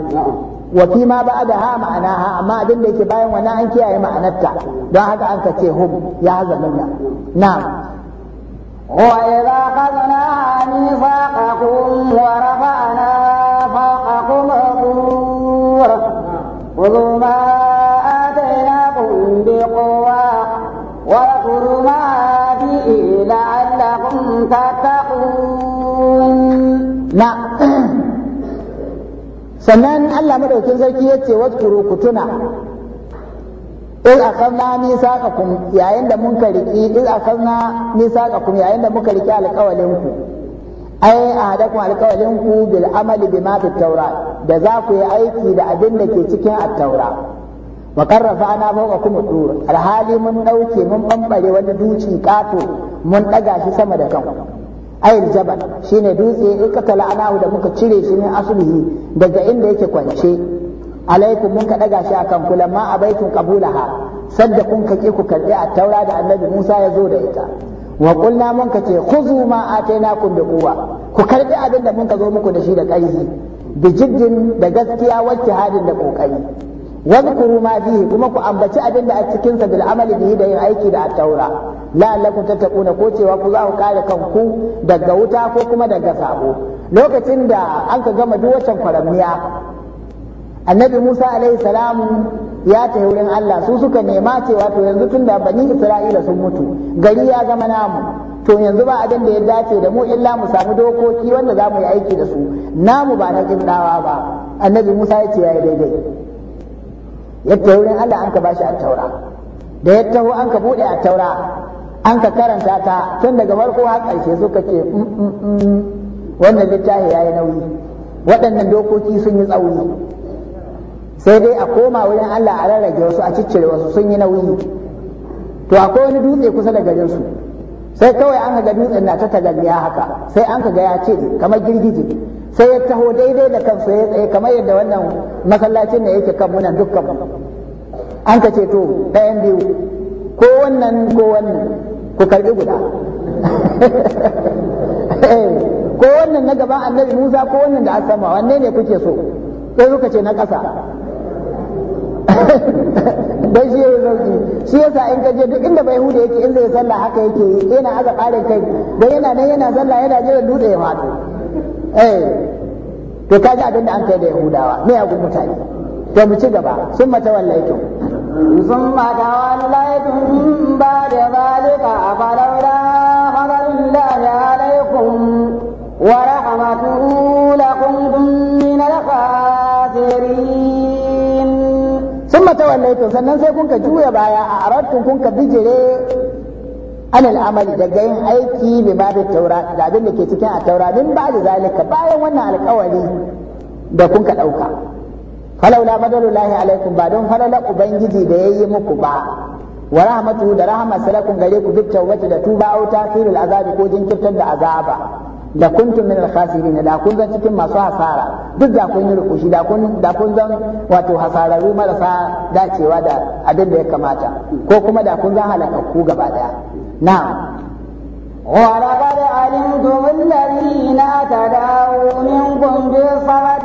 wa fi ma ba da ha ma'ana ha amma abin da yake bayan wani an kiyaye ma'anarta don haka an ka ce hum ya hazaluna na'am وإذا أخذنا ميثاقكم ورفعنا فوقكم الطور خذوا ما تتقون sannan Allah madaukin sarki ya ce wadkuru ku tuna iz akhadna misaqakum yayin da yayin da muka riki alƙawalin ku ai ahadakum alƙawalin ku bil amali bima fit tawrat da za ku yi aiki da abin da ke cikin at-taura wa karrafa ana fawqakum tur alhali mun ɗauke mun bambare wani duci kato mun ɗaga shi sama da kan ayil jabal shine dutse in ikatala anahu da muka cire shi min aslihi daga inda yake kwance alaikum mun ka ɗaga shi akan ku lamma abaitum qabulaha sadda kun ka ki ku karbi a taura da annabi Musa ya zo da ita wa qulna mun ka ce khuzu ma atainakum bi quwwa ku karbi abin da mun ka zo muku da shi da ƙarfi bi jiddin da gaskiya wacce hadin da kokari واذكروا ku فيه كما كو امبتي ابين a cikin sa bil amali bihi da yin aiki da at-taura la lakum tattaquna ko cewa ku za ku kare kanku daga wuta ko kuma daga sabo lokacin da an ka gama duk wacan kwaramniya annabi Musa alaihi salam ya tafi wurin Allah su suka nema cewa to yanzu tunda bani Isra'ila sun mutu gari ya zama namu to yanzu ba abin da ya dace da mu illa mu samu dokoki wanda za mu yi aiki da su namu ba na kindawa ba annabi Musa ya ce ya yi daidai yadda wurin Allah an ka bashi a taura da ya taho an ka bude a taura an ka karanta ta tun daga farko har karshe suka ce mm, mm, mm. wannan littafi yayi nauyi waɗannan dokoki sun yi tsauni sai dai a koma wurin Allah a rarrage wasu a ciccire wasu sun yi nauyi to akwai wani dutse kusa da garinsu sai kawai an ga dutsen na ta tagalliya haka sai an ga ya ce kamar girgije sai ya taho daidai da kansa ya tsaye kamar yadda wannan masallacin da yake kan munan dukkan an ka ce to ɗayan biyu ko wannan ko wannan ku karbi guda eh, ko wannan na gaban annabi Musa ko wannan da asama wanne ne kuke so sai suka ce na ƙasa dai shi yayin zauki shi yasa in ka je duk inda bai hude yake in zai sallah haka yake yana aza ƙarin kai dan yana nan yana sallah yana jiran dutse ya faɗo eh to kaji abin da an kai da yahudawa me ya mutane to mu ci gaba sun mata wallaitu sun mata wallaitu ba da zalika a falaula fadalillahi alaikum wa rahmatuhu to sannan sai kunka juya baya a kun ka bijire anil amali daga yin aiki bi ma da taura da abin da ke cikin a taura min ba da zalika bayan wannan alkawari da ka dauka falaula madalullahi alaikum ba don falala ubangiji da yayi muku ba wa rahmatu da rahmatu salakun gare ku bi tawbati da tuba au tafsirul azabi ko jinkirtar da azaba da kuntum min al-khasirin da kun zan cikin masu hasara duk da kun yi rukushi da kun da kun zan wato hasararru marasa dacewa da abin da ya kamata ko kuma da kun zan halakakku gaba daya na'am ولقد علمتم الذين اعتدوا منكم بالصمد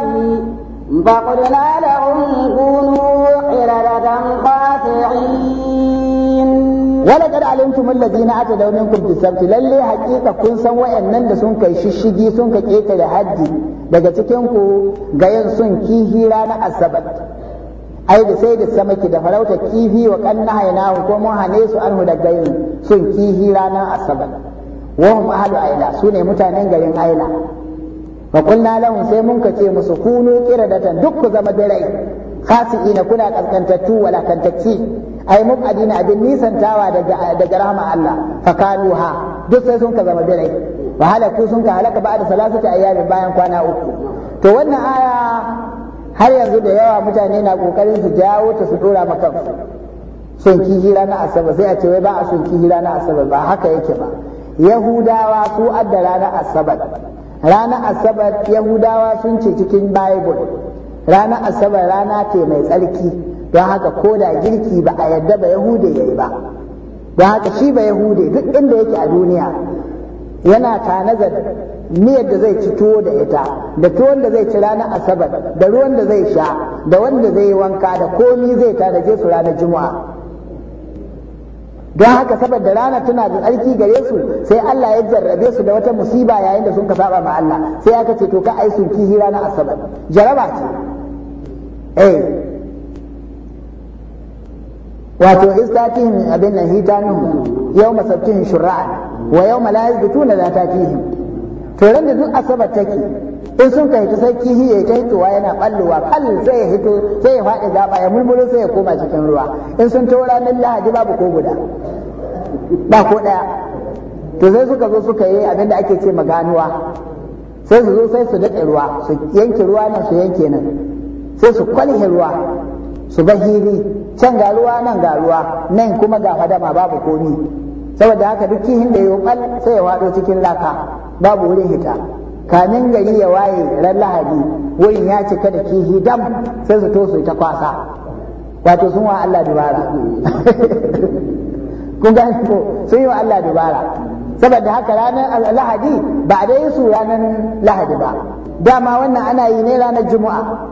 فقلنا لهم كونوا قردة خاسعين wala kad alimtum alladhina atadaw minkum fi sabti lalle haqiqa kun san wayannan da sun kai shishigi sun ka da haddi daga cikin ku ga yin sun kihira na asabat ai da sai da samaki da farauta kifi wa kanna hayna ko mun hane su anhu daga yin sun kihi na asabat wa hum ahlu aila sune mutanen garin aila fa qulna lahum sai mun kace musu kunu qiradatan duk ku zama birai ina kuna kaskantattu wala kantacci ai mubadina abin nisantawa daga daga rahama Allah ha, duk sai sun ka zama birai wa halaku sun ka halaka ba'da salasati ayyamin bayan kwana uku to wannan aya har yanzu da yawa mutane na kokarin su jawo ta su dora maka sun hira na asabar sai a ce wai ba a sun hira na asabar ba haka yake ba yahudawa su adda ranar asabar ranar asabar yahudawa sun ce cikin bible ranar asabar rana ce mai tsarki don haka ko da girki ba a yadda ba yahude ya yi ba don haka shi ba yahude duk inda yake a duniya yana tanazar miyar da zai ci tuwo da ita da tuwon da zai ci ranar asabar da ruwan da zai sha da wanda zai yi wanka da komi zai je su ranar juma'a don haka saboda rana tana da tsarki gare su sai Allah ya jarrabe su da wata musiba yayin da sun ka saba ma Allah sai aka ce to ka ai sun kihi ranar asabar jaraba ce eh wato istatihim abin nan hitanin yau masabtin shura'a wa yawma la yazbutuna da tatihim to ran da duk asabar take in sun kai ta sai kihi ya ta hitowa yana ballowa kal sai ya hito sai ya faɗi gaba ya mulmulo sai ya koma cikin ruwa in sun ta nan lahadi babu ko guda ba ko daya to sai suka zo suka yi abin da ake ce maganuwa sai su zo sai su daɗe ruwa su yanke ruwa nan su yanke nan sai su kwalhe ruwa su ga hili can ga ruwa nan ga ruwa nan kuma ga fadama babu komi saboda haka duk kihin da ya bal sai ya wado cikin laka babu wurin hita kamin gari ya waye ran lahadi wurin ya cika da kihi dam sai su to su ta kwasa wato sun wa Allah dubara kun gane ko sun yi wa Allah dubara saboda haka ranar lahadi ba dai su ranar lahadi ba dama wannan ana yi ne ranar juma'a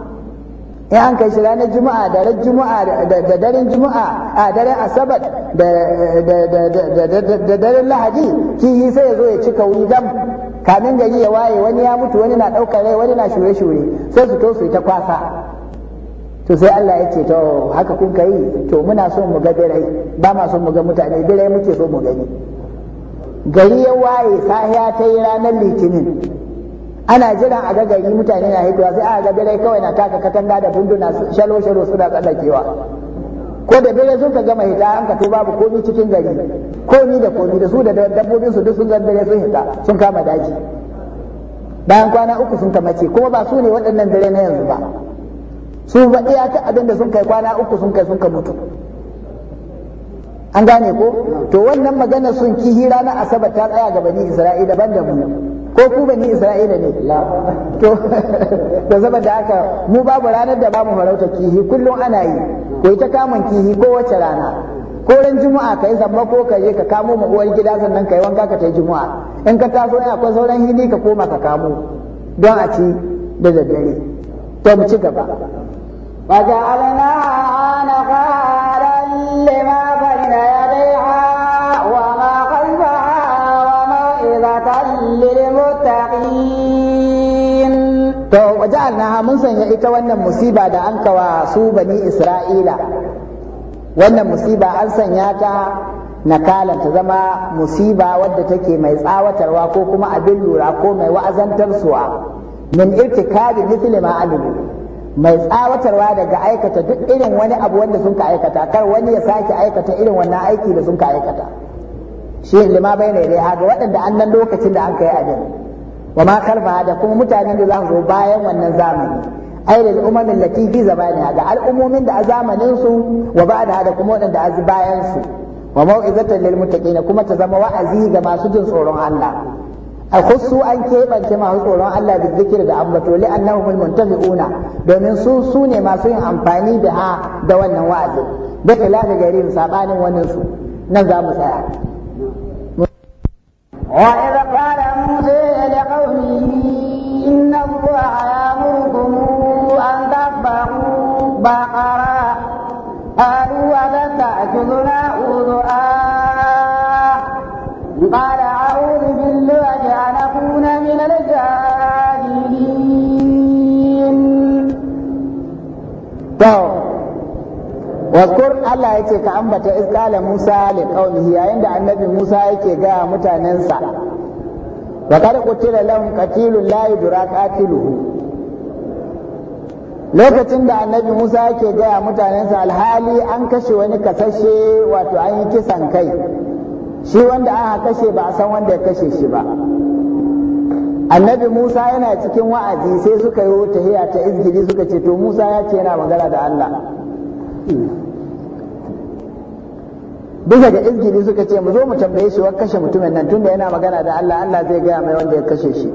in an kai shi ranar juma'a da ran juma'a da daren juma'a a daren asabar da daren lahadi ki yi sai ya zo ya cika wuri dam kamin gari ya waye wani ya mutu wani na ɗaukar rai wani na shure-shure sai su to su ta kwasa to sai Allah ya ce to haka kun kai to muna son mu ga birai ba ma son mu ga mutane birai muke so mu gani gari ya waye sahiya ta yi ranar litinin ana jiran a ga gari mutane na hitowa sai a ga birai kawai na taka katanga da bunduna shalo shalo suna tsallakewa ko da birai sun ka gama hita an ka to babu komi cikin gari komi da komi da su da dabbobin su duk sun zan birai sun hita sun kama daji bayan kwana uku sun kamace kuma ba su ne waɗannan dare na yanzu ba su ba iyaka abin da sun kai kwana uku sun kai sun ka mutu an gane ko to wannan magana sun ki hira na asabar ta tsaya ga bani isra'ila ban da mu ko ku bani isra'ila ne to da zama haka mu babu ranar da bamu farauta kihi kullum ana yi ko ta kamun kihi ko wace rana ko ran juma'a kai zamba ko kai yi ka kamo mu uwar gida sannan kai wanka ka tai juma'a in ka taso ne akwai sauran hili ka koma ka kamo don a ci da daddare to mu ci gaba ja'alna للمتقين to waja'alnaha mun sanya ita wannan musiba da an kawa su bani isra'ila wannan musiba an sanya ta nakalan ta zama musiba wadda take mai tsawatarwa ko kuma abin lura ko mai suwa min irtikabi mithli ma alimu mai tsawatarwa daga aikata duk irin wani abu wanda sun ka aikata kar wani ya sake aikata irin wannan aiki da sun ka aikata shi lima bai ne ga waɗanda annan lokacin da an kai abin wa ma kalfa da kuma mutanen da za zo bayan wannan zamani ai lil umamin lati fi zamaniha da al'ummomin da a zamanin su wa ba'da da kuma wanda azi bayan su wa mau'izatan ta muttaqin kuma ta zama wa'azi ga masu jin tsoron Allah a khussu an keɓance masu tsoron Allah da zikir da ambato li annahum muntafi'una domin su su masu yin amfani da ha da wannan wa'azi da khilafi garin sabanin wannan su nan za mu tsaya waskur Allah ya ce ka ambata iskala Musa li qaumihi yayin da annabi Musa yake ga mutanensa wa qad qutila lahum qatilun la yudra qatiluhu lokacin da annabi Musa yake ga mutanensa alhali an kashe wani kasashe wato an yi kisan kai shi wanda aka kashe ba a san wanda ya kashe shi ba annabi Musa yana cikin wa'azi sai suka yi tahiya ta izgiri suka ce to Musa ya ce yana magana da Allah bisa ga izgili suka ce mu zo mu tambaye shi wa kashe mutumin nan tunda yana magana da Allah Allah zai gaya mai wanda ya kashe shi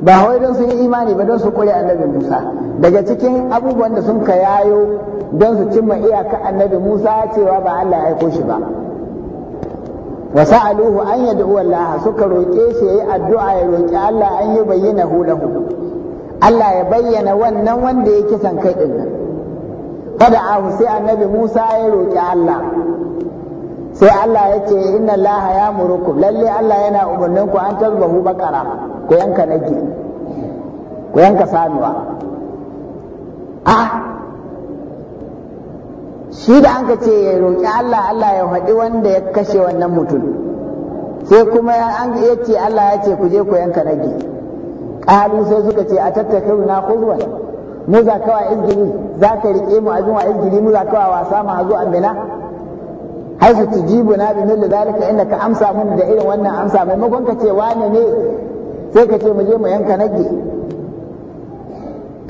ba wai don su yi imani ba don su kure annabi Musa daga cikin abubuwan da sun ka yayo don su cimma iyaka annabi Musa cewa ba Allah ya aiko shi ba wa sa'aluhu an yad'u Allah suka roke shi yayi addu'a ya roki Allah an yi bayyana hulahu, Allah ya bayyana wannan wanda yake san kai din fada'ahu sai annabi Musa ya roƙi Allah sai Allah ya ce inna Allah ya murukum lalle Allah yana umarnin ku an tazbahu bakara ku yanka nage ku yanka sanuwa a ah! shi da an ka ce ya roƙi Allah Allah ya haɗi wanda ya kashe wannan mutum sai kuma an ya ce Allah ya ce ku je ku yanka nage ƙalu sai suka ce a na kurwan mu za kawa izgili za ka riƙe mu abin wa izgili mu za kawa wasa ma zo amina har su tijibu na bi milli zalika inda ka amsa mun da irin wannan amsa maimakon ka ce wane ne sai ka ce mu je mu yanka nage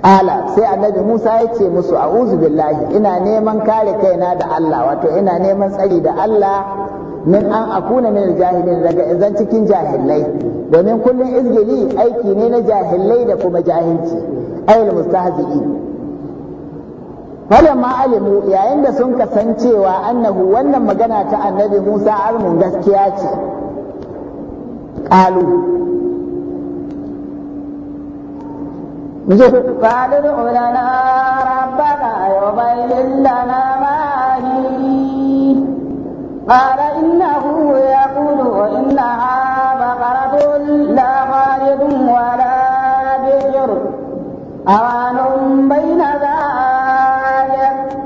Ƙala sai annabi Musa ya ce musu a'udhu billahi ina neman kare kaina da Allah wato ina neman tsari da Allah min an akuna min jahilin daga in cikin jahilai domin kullum izgili aiki ne na jahilai da kuma jahilci ayil mustahzi'i falamma alimu yayin da sun kasancewa annahu wannan magana ta annabi Musa almun gaskiya ce qalu قالوا لنا ربنا يبين لنا ما هي قال إنه يقول وإنها بقرة لا خالد ولا بشر أوان بين ذلك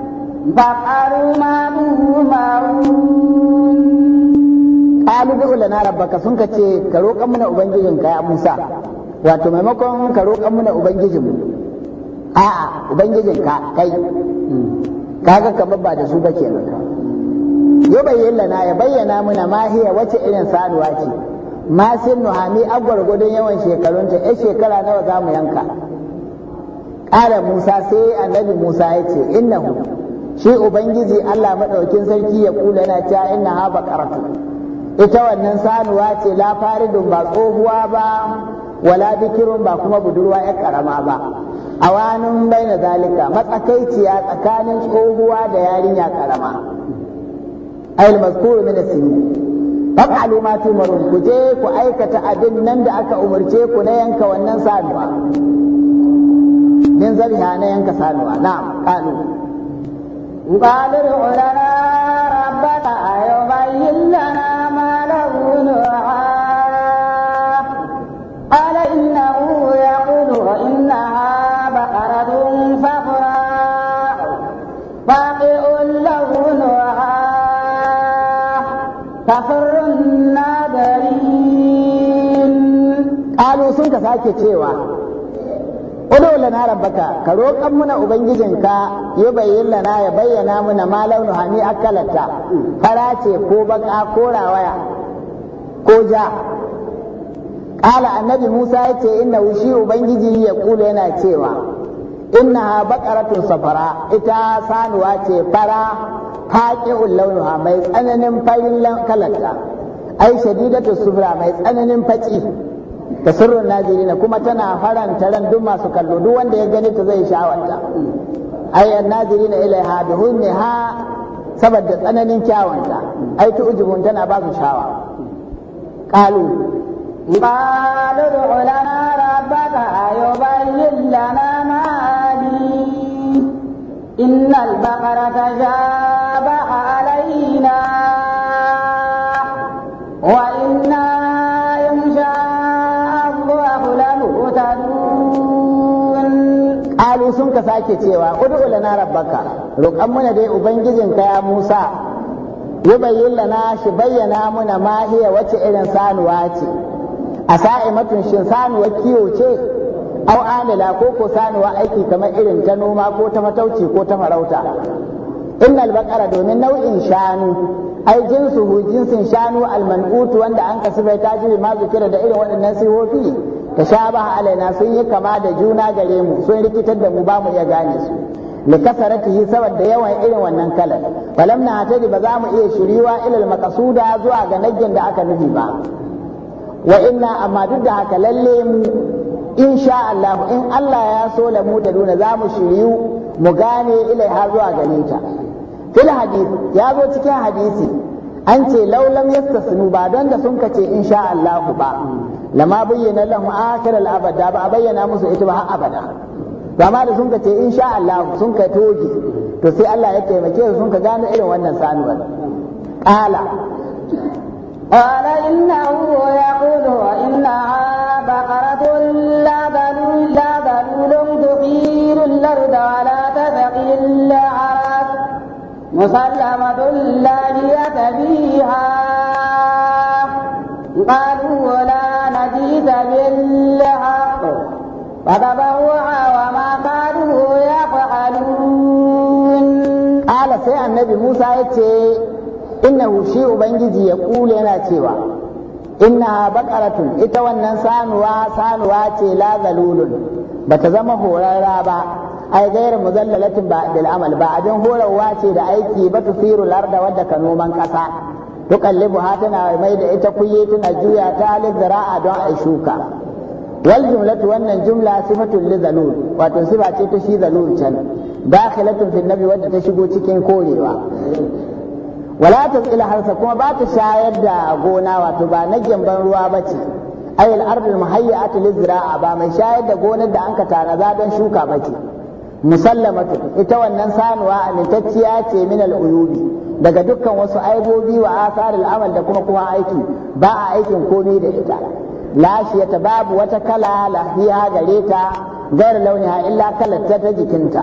فافعلوا ما تؤمرون قالوا ادع لنا ربك سنك ka roƙan mana ubangijinka ya Musa wato maimakon ka roƙon roƙan Ubangijin mu, a'a Ubangijin ka kai kaga kamar ba da su ba kenan ya bayyana ya bayyana muna mahiya wace irin sanuwa ce ma sin nuhami a gwargwadon yawan shekarunta ya eh, shekara nawa za mu yanka ƙara musa sai annabi musa ya ce innahu shi ubangiji allah maɗaukin sarki ya kula yana ta inna ha karatu ita wannan sanuwa ce la faridun ba tsohuwa ba wala bikirun ba kuma budurwa ya karama ba a wanin bai na zalika matsakaiciya tsakanin tsohuwa da yarinya karama ayil mazkuru min as-sinin fa'alu ma tumarun ku je ku aikata abin nan da aka umarce ku na yanka wannan saduwa min zalha na yanka saduwa na'am qalu qalu ulana rabbana ayubayyin lana تفر النادرين قالوا sake cewa, تشيوا Udu na rabbaka ka roƙan muna Ubangijinka ya bayyin na ya bayyana muna ma launu hani akalata fara ce ko baka kora waya. ko ja Ƙala annabi Musa ya ce inna wushi Ubangiji ya kula yana cewa inna baƙaratun safara ita sanuwa ce fara faqi'ul launuha mai tsananin farin kalarta ai shadidatu sufra mai tsananin faci tasurrun nazirina kuma tana faranta ran duk masu kallo duk wanda ya gani ta zai sha'awarta ai haɗu ilaiha ha saboda tsananin kyawunta ai ta ujubun tana ba su shawa qalu قالوا ادع لنا ربك lana ma إن البقرة شابه علينا وإنا إن شاء الله لمهتدون قالوا سنك ساكي تيوا ادعوا لنا ربك roƙan muna dai ubangijin kaya ya Musa ya bayyana na shi bayyana muna mahiya wacce irin sanuwa ce a sa'imatun shin sanuwa kiwo ce au amila ko ko sanuwa aiki kamar irin ta noma ko ta matauci ko ta farauta innal baqara domin nau'in shanu ai jinsuhu jinsin shanu alman'utu wanda an kasifai ta jibi ma zikira da irin waɗannan sihofi ta sha alaina sun yi kama da juna gare mu sun rikitar da mu ba mu iya gane su li kasaratihi saboda yawan irin wannan kalar walam na hatari ba za mu iya shiriwa ilal makasuda zuwa ga da aka nufi ba wa inna amma duk da haka lalle mu in sha Allah in Allah ya so la mu da duna za mu shiryu mu gane ilai har zuwa gare ta fil hadith ya zo cikin hadisi an ce laulam yastasnu ba don da sun kace in sha Allah ba lama bayyana lahum akhir al abada ba a bayyana musu ita ba har abada ma da sun kace in sha Allah sun kai toji to sai Allah ya taimake su sun ka gano irin wannan sanuwar qala qala innahu yaqulu wa inna ولا تثق اللعاب مسلمة لا جية فيها قالوا ولا نجيد بالحق فتبوع وما كانوا يفعلون قال سي النبي موسى يتي إنه شيء بنجي يقول أنا تيوا إنها بقرة إتوى النسان وسان واتي لا ذلول بتزمه ولا رابع ai gairu muzallalatin ba bil amal ba abin horarwa ce da aiki ba tufiru larda wadda ka noman ƙasa tuqallibu ha tana mai da ita kuyi tana juya ta zara'a don a shuka wal jumlatu wannan jumla sifatun li zalul wato sifa ce ta shi zalul can dakhilatun fil nabi wadda ta shigo cikin korewa wala tasqil harsa kuma ba ta shayar da gona wato ba na gyambon ruwa ba bace ayil ardul muhayyatu lizra'a ba mai shayar da gonar da anka tanaza don shuka ba bace musallamatu ita wannan sanuwa amintacciya ce min al'uyubi daga dukkan wasu aibobi wa asaril amal da kuma kuma aiki ba a aikin komai da ita lashiyata babu wata kala lahiya gare ta launi ha illa kalar ta ta jikinta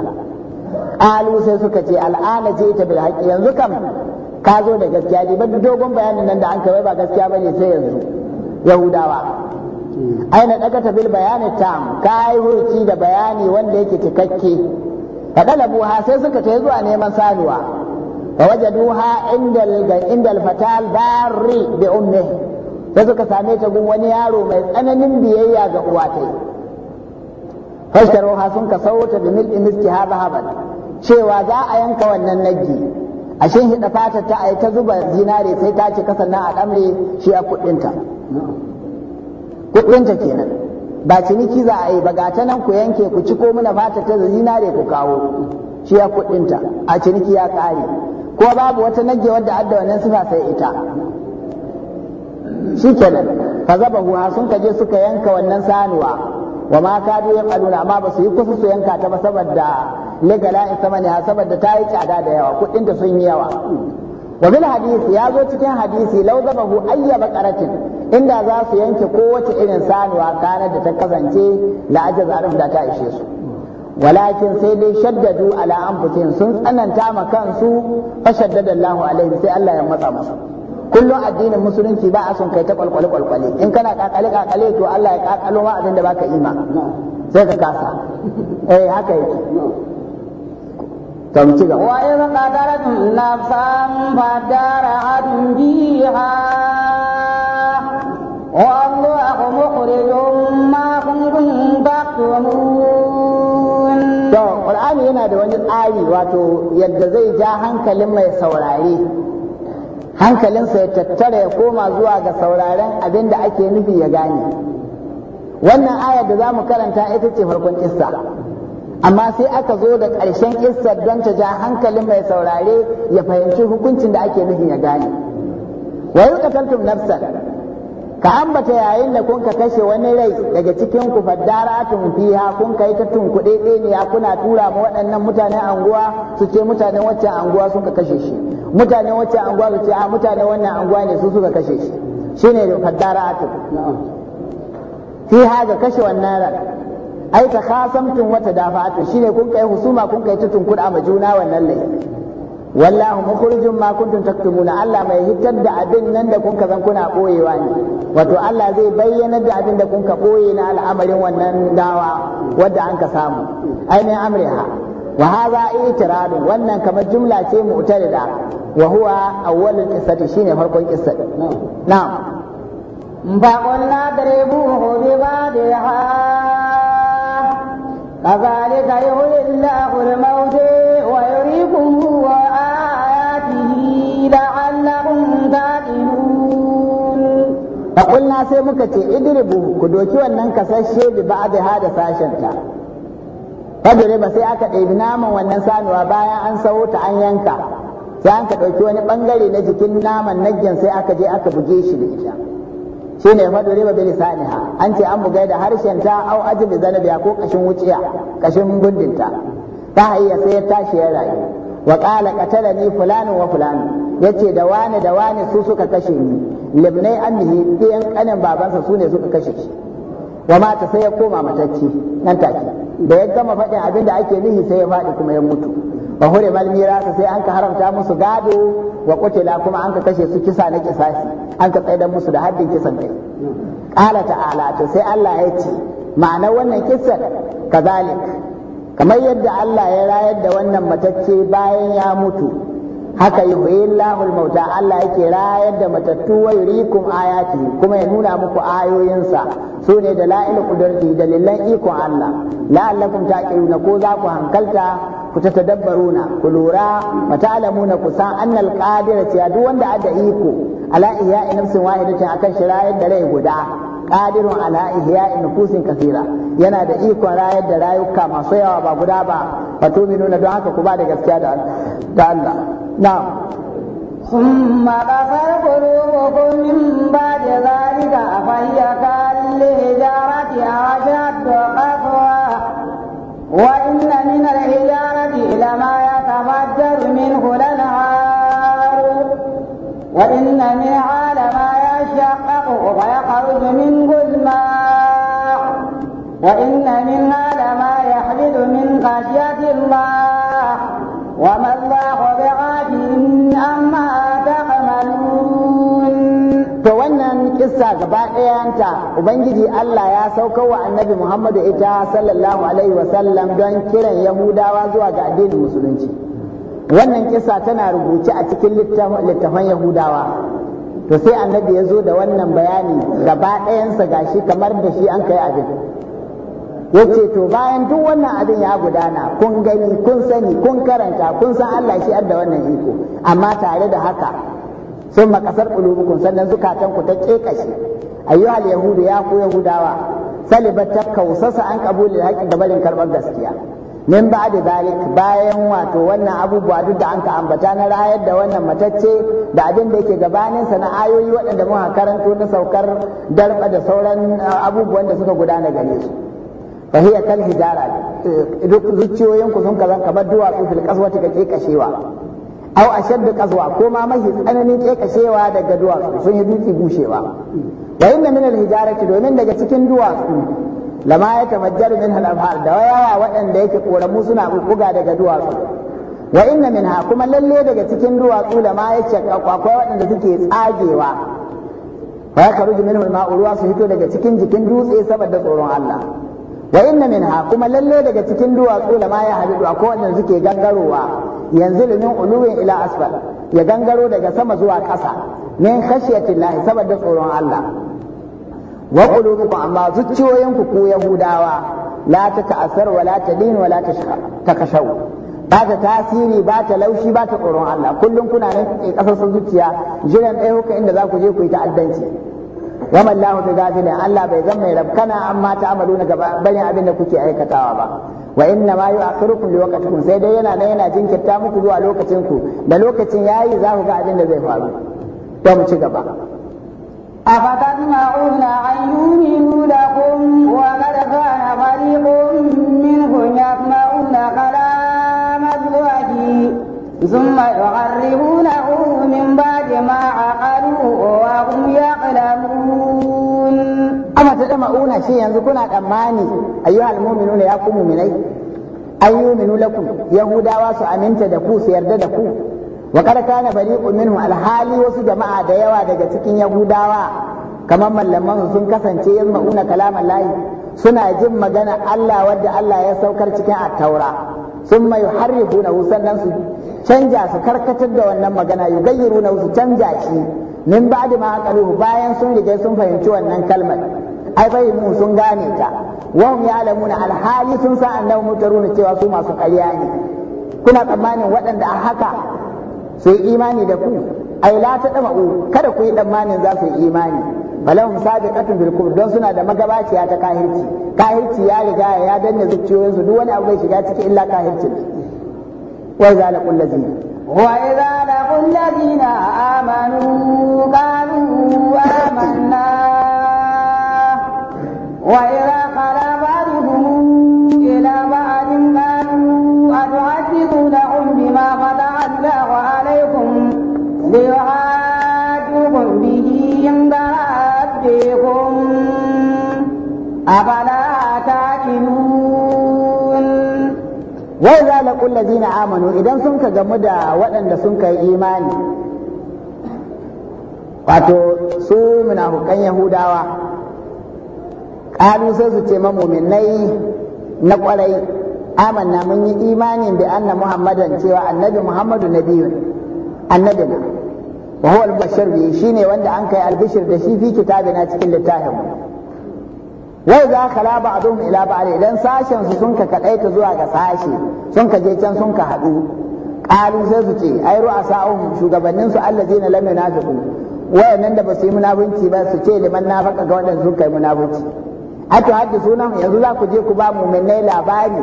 alu sai suka ce al'ana ce ita bil haƙi yanzu kam ka zo da gaskiya ne ba dogon bayanin nan da an kai ba gaskiya bane sai yanzu yahudawa aina daga ta bil bayani tam ka hurci da bayani wanda yake cikakke ha sai suka tai zuwa neman sanuwa fa ha Indal ga indal fatal barri bi ummi sai suka same ta gun wani yaro mai tsananin biyayya ga uwatai ha sun ka sauta bi mil'i miski haba haban cewa za a yanka wannan naggi a shin da fatar ta ai ta zuba zinare sai ta ci kasan na a damre shi a kuɗinta. ta kudinta kenan ba ciniki za a yi ba ga ta nan ku yanke ku ci ko muna fata ta zinare ku kawo shi ya kudinta a ciniki ya kare ko babu wata nage wadda adda wannan sifa sai ita shi kenan fa zaba huwa sun kaje suka yanka wannan sanuwa wa ma ka ya kaduna amma ba su yi kusa su yanka ta ba saboda legala in sama ne saboda ta yi tsada da yawa kudinta sun yi yawa wa bil hadisi ya zo cikin hadisi lau hu ayyaba baqaratin inda za su yanke kowace irin sanuwa kanar da ta kasance la'ajar zarin da ta ishe su walakin sai dai shaddadu ala anfusihim sun tsananta ma kansu fa shaddada Allahu alaihim sai Allah ya matsa musu kullum addinin musulunci ba a son kai ta kwalkwale kwalkwale in kana kakale kakale to Allah ya kakalo ma abin da baka ima sai ka kasa eh haka yake ta mu ci gaba wa in qadarat nafsan والله مخرج ما كنتم تكتمون to qur'ani yana da wani tsari wato yadda zai ja hankalin mai saurare hankalinsa ya tattara ya koma zuwa ga sauraren abin da ake nufi ya gane wannan ayar da za mu karanta ita ce farkon isa, amma sai aka zo da ƙarshen isa don ta ja hankalin mai saurare ya fahimci hukuncin da ake nufi ya gane wa yuqataltum nafsan ka ambata yayin da kun ka kashe wani rai daga cikin ku tun fiha kun kai ta tun ne ɗeniya kuna tura ma waɗannan mutanen anguwa su ce mutanen waccan anguwa sun ka kashe shi mutanen waccan anguwa su ce a mutanen wannan anguwa ne su suka kashe shi shine faddaratun fiha ga kashe wannan rai ai ta khasamtun wata dafa'atun shine kun kai husuma kun kai ta tunkuɗa ma juna wannan laifi wallahu mukhrijum ma kuntum taktumuna Allah mai hitar da abin nan da kun zan kuna ne wato Allah zai bayyana da abin da kun ka boye na al'amarin wannan dawa wadda an ka samu ainihin amriha wa hadha i'tirad wannan kamar jumla ce mu'tarida wa huwa awwalul qissati shine farkon qissa na'am فقلنا اضربوه ببعضها كذلك يحيي الله الموتى لعلهم تعقلون فقلنا sai muka ce idribu ku doki wannan kasashe bi ba'd hada sashenta fadare ba sai aka ɗebi naman wannan sanuwa bayan an sawo ta an yanka sai an ka ɗauki wani ɓangare na jikin naman naggen sai aka je aka buge shi da ita shi ne fadare ba bilisaniha an ce an bugai da harshen ta au ajin zanabiya ko kashin wuciya kashin bundinta ta hayya sai ya tashi ya rayu wa qala qatalani fulanun wa fulanun yace da wani da wani su suka kashe ni libnai ammihi ɗayan kanin babansa su ne suka kashe shi wa mata sai ya koma matacce nan take da ya gama faɗin abin da ake nihi sai ya faɗi kuma ya mutu wa hure mal mirasa sai an ka haramta musu gado wa kutila kuma an ka kashe su kisa na kisasi an ka tsaidan musu da haddin kisan kai qala ta'ala to sai Allah ya ce ma'ana wannan kisan kazalik kamar yadda Allah ya rayar da wannan matacce bayan ya mutu haka yuhyillahu lahul mauta Allah yake rayar da matattu wa yurikum ayati kuma ya nuna muku ayoyinsa su ne da la'il da dalilan ikon Allah la'allakum taqiluna ko za ku hankalta ku tatadabbaruna ku lura wa ta'lamuna ku san annal a duk wanda ada iko ala iya nafsin wahidatin akan shirayar da rai guda قادر على in نفوس كثيرة yana da ikon rayar da rayuka masu yawa ba guda ba fa tu'minuna don haka ku da gaskiya da Allah na'am ثم قصر قلوبكم من بعد ذلك فهي كالحجارة أشد قسوة وإن من الحجارة لما يتفجر منه الأنهار وإن الجمع فيخرج منه الماء وإن منا لما يحدث من خشية الله وما الله أما تعملون kissa gaba ɗayanta ubangiji Allah ya saukar wa annabi Muhammadu ita sallallahu alaihi sallam, don kiran yahudawa zuwa ga addinin musulunci wannan kissa tana rubuce a cikin littafan yahudawa to sai annabi ya zo da wannan bayani gaba ɗayansa ga shi kamar da shi an kai abin ya ce to bayan duk wannan abin ya gudana kun gani kun sani kun karanta kun san Allah shi da wannan iko amma tare da haka sun makasar ƙulubukun sannan zukatanku ta ƙeƙashe ayyuhal yahudu ya koya yahudawa salibar ta kausasa an da haƙƙi da barin karɓar gaskiya min ba da dalik bayan wato wannan abubuwa duk da an ka ambata na rayar da wannan matacce da abin da yake gabanin sa na ayoyi waɗanda muka karanto na saukar darba da sauran uh, abubuwan da suka gudana gare su fa hiya kal hijara eh, duk zuciyoyin ku sun kazan kamar duwatsu fil kaswati ka kekashewa aw ashaddu kaswa ko ma mai tsananin kekashewa daga duwatsu sun yi duki bushewa wa inna min al hijarati domin daga cikin duwatsu lama ya tafajjaru min al da yawa waɗanda yake mu suna buga daga duwatsu wa inna minha kuma lalle daga cikin duwatsu lama ya ce akwai waɗanda suke tsagewa fa ka ruji min ma ruwa su fito daga cikin jikin dutse saboda tsoron Allah wa inna minha kuma lalle daga cikin duwatsu lama ya hadu ko waɗanda suke gangarowa yanzu min uluwin ila asfal ya gangaro daga sama zuwa ƙasa min khashiyatillahi saboda tsoron Allah wa qulubukum amma zuciyoyinku ku yahudawa la takasar wa la tadin wa la takashaw ba ta tasiri ba ta laushi ba ta tsoron Allah kullum kuna nan kasar zuciya jiran ɗaya kuka inda za ku je ku yi addanci. wama Allahu bi gafilin Allah bai zama mai rabkana amma ta amalu na gaba bane abin da kuke aikatawa ba wa inna ma yu'akhirukum li waqtikum sai dai yana nan yana jinkirta muku zuwa lokacin ku da lokacin yayi za ku ga abin da zai faru to mu ci gaba أفتطمعون أن يؤمنوا لكم وقد كان فريق منهم يسمعون كلام الله ثم يعرفونه من بعد ما عقلوه وهم يعلمون أما تطمعون شيئا ينزكون كماني أيها المؤمنون يا قوم من أي أن يؤمنوا لكم يهودا واسو أمنت دكو سيرد دكو wa kad kana bari'un minhum alhali wasu jama'a da yawa daga cikin yahudawa kamar mallaman sun kasance ma'una kalaman layi suna jin magana Allah wanda Allah ya saukar cikin ataura sun mai harrifuna sannan su canja su karkatar da wannan magana na su canja shi min ba'di ma bayan sun rige sun fahimci wannan kalmar ai bai mu sun gane ta wa hum ya'lamuna alhali sun sa annabi mutaruna cewa su masu karya ne kuna tsammanin waɗanda a haka su yi imani da ku ai la ta dama'u kada ku yi damanin za su yi imani balahum sabiqatun bil kufr don suna da magabaciya ta kahirci kahirci ya riga ya danne zuciyoyinsu duk wani abu bai shiga ciki illa kahirci wa za ladzina wa idza laqul ladzina amanu qalu amanna wa idza يعاقبكم به عند ربكم أفلا تاكلون وإذا لقوا الذين آمنوا إذا سنك جمدا وأن سنك إيمان wato su munafukan yahudawa ƙalu sai su ce mamuminai na ƙwarai amanna mun yi imanin da anna muhammadan cewa annabi muhammadu nabiyun annabi na wa huwa al-bashir bi shine wanda an kai al da shi fi kitabina cikin littafin wai za ka laba ila ba idan sashen su sun ka ta zuwa ga sashe sun ka je can sun ka haɗu ƙalu sai su ce ai ru'a sa'un shugabannin su Allah zai na lam wayannan da ba su yi munafunci ba su ce liman nafaka ga waɗanda sun kai munafunci a to hadda sunan yanzu za ku je ku ba mu'minai labari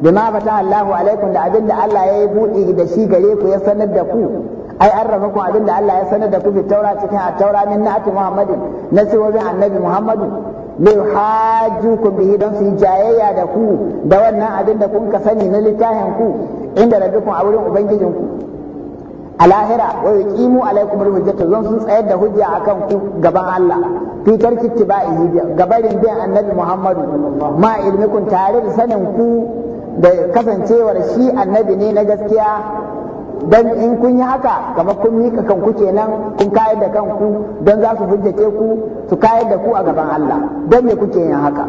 bima fata Allahu alaikum da abin da Allah ya yi buɗi da shi gare ku ya sanar da ku ai an raba ku abin da Allah ya sanar da ku fi taura cikin at-taura min na'ati Muhammadin nasibobin annabi Muhammadu haji ku bihi don su jayayya da ku da wannan abin da kun ka sani na littafin ku inda kun a wurin ubangijin ku a lahira wa yuqimu alaikum al-hujjata zan sun tsayar da hujja akan ku gaban Allah fi tarki tibai gabarin bin annabi Muhammadu ma ilmikum tare da sanin ku da kasancewar shi annabi ne na gaskiya dan in kun yi haka kamar kun mika kanku kenan kun kayar da kanku dan za su hujjace ku su kayar da ku a gaban Allah dan me kuke yin haka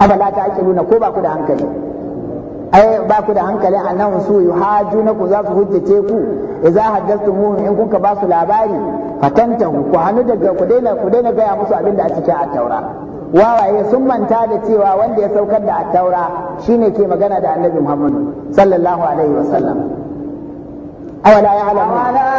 Abala ta ake nuna, ko ba ku da hankali ai ba ku da hankali annahu su na ku za su hujjace ku idza mu in kun ka ba su labari fatanta ku hanu daga ku daina ku daina gaya musu abin da a cikin taura wawaye sun manta da cewa wanda ya saukar da attaura shine ke magana da annabi Muhammad sallallahu alaihi wasallam أولا يعلمون أولا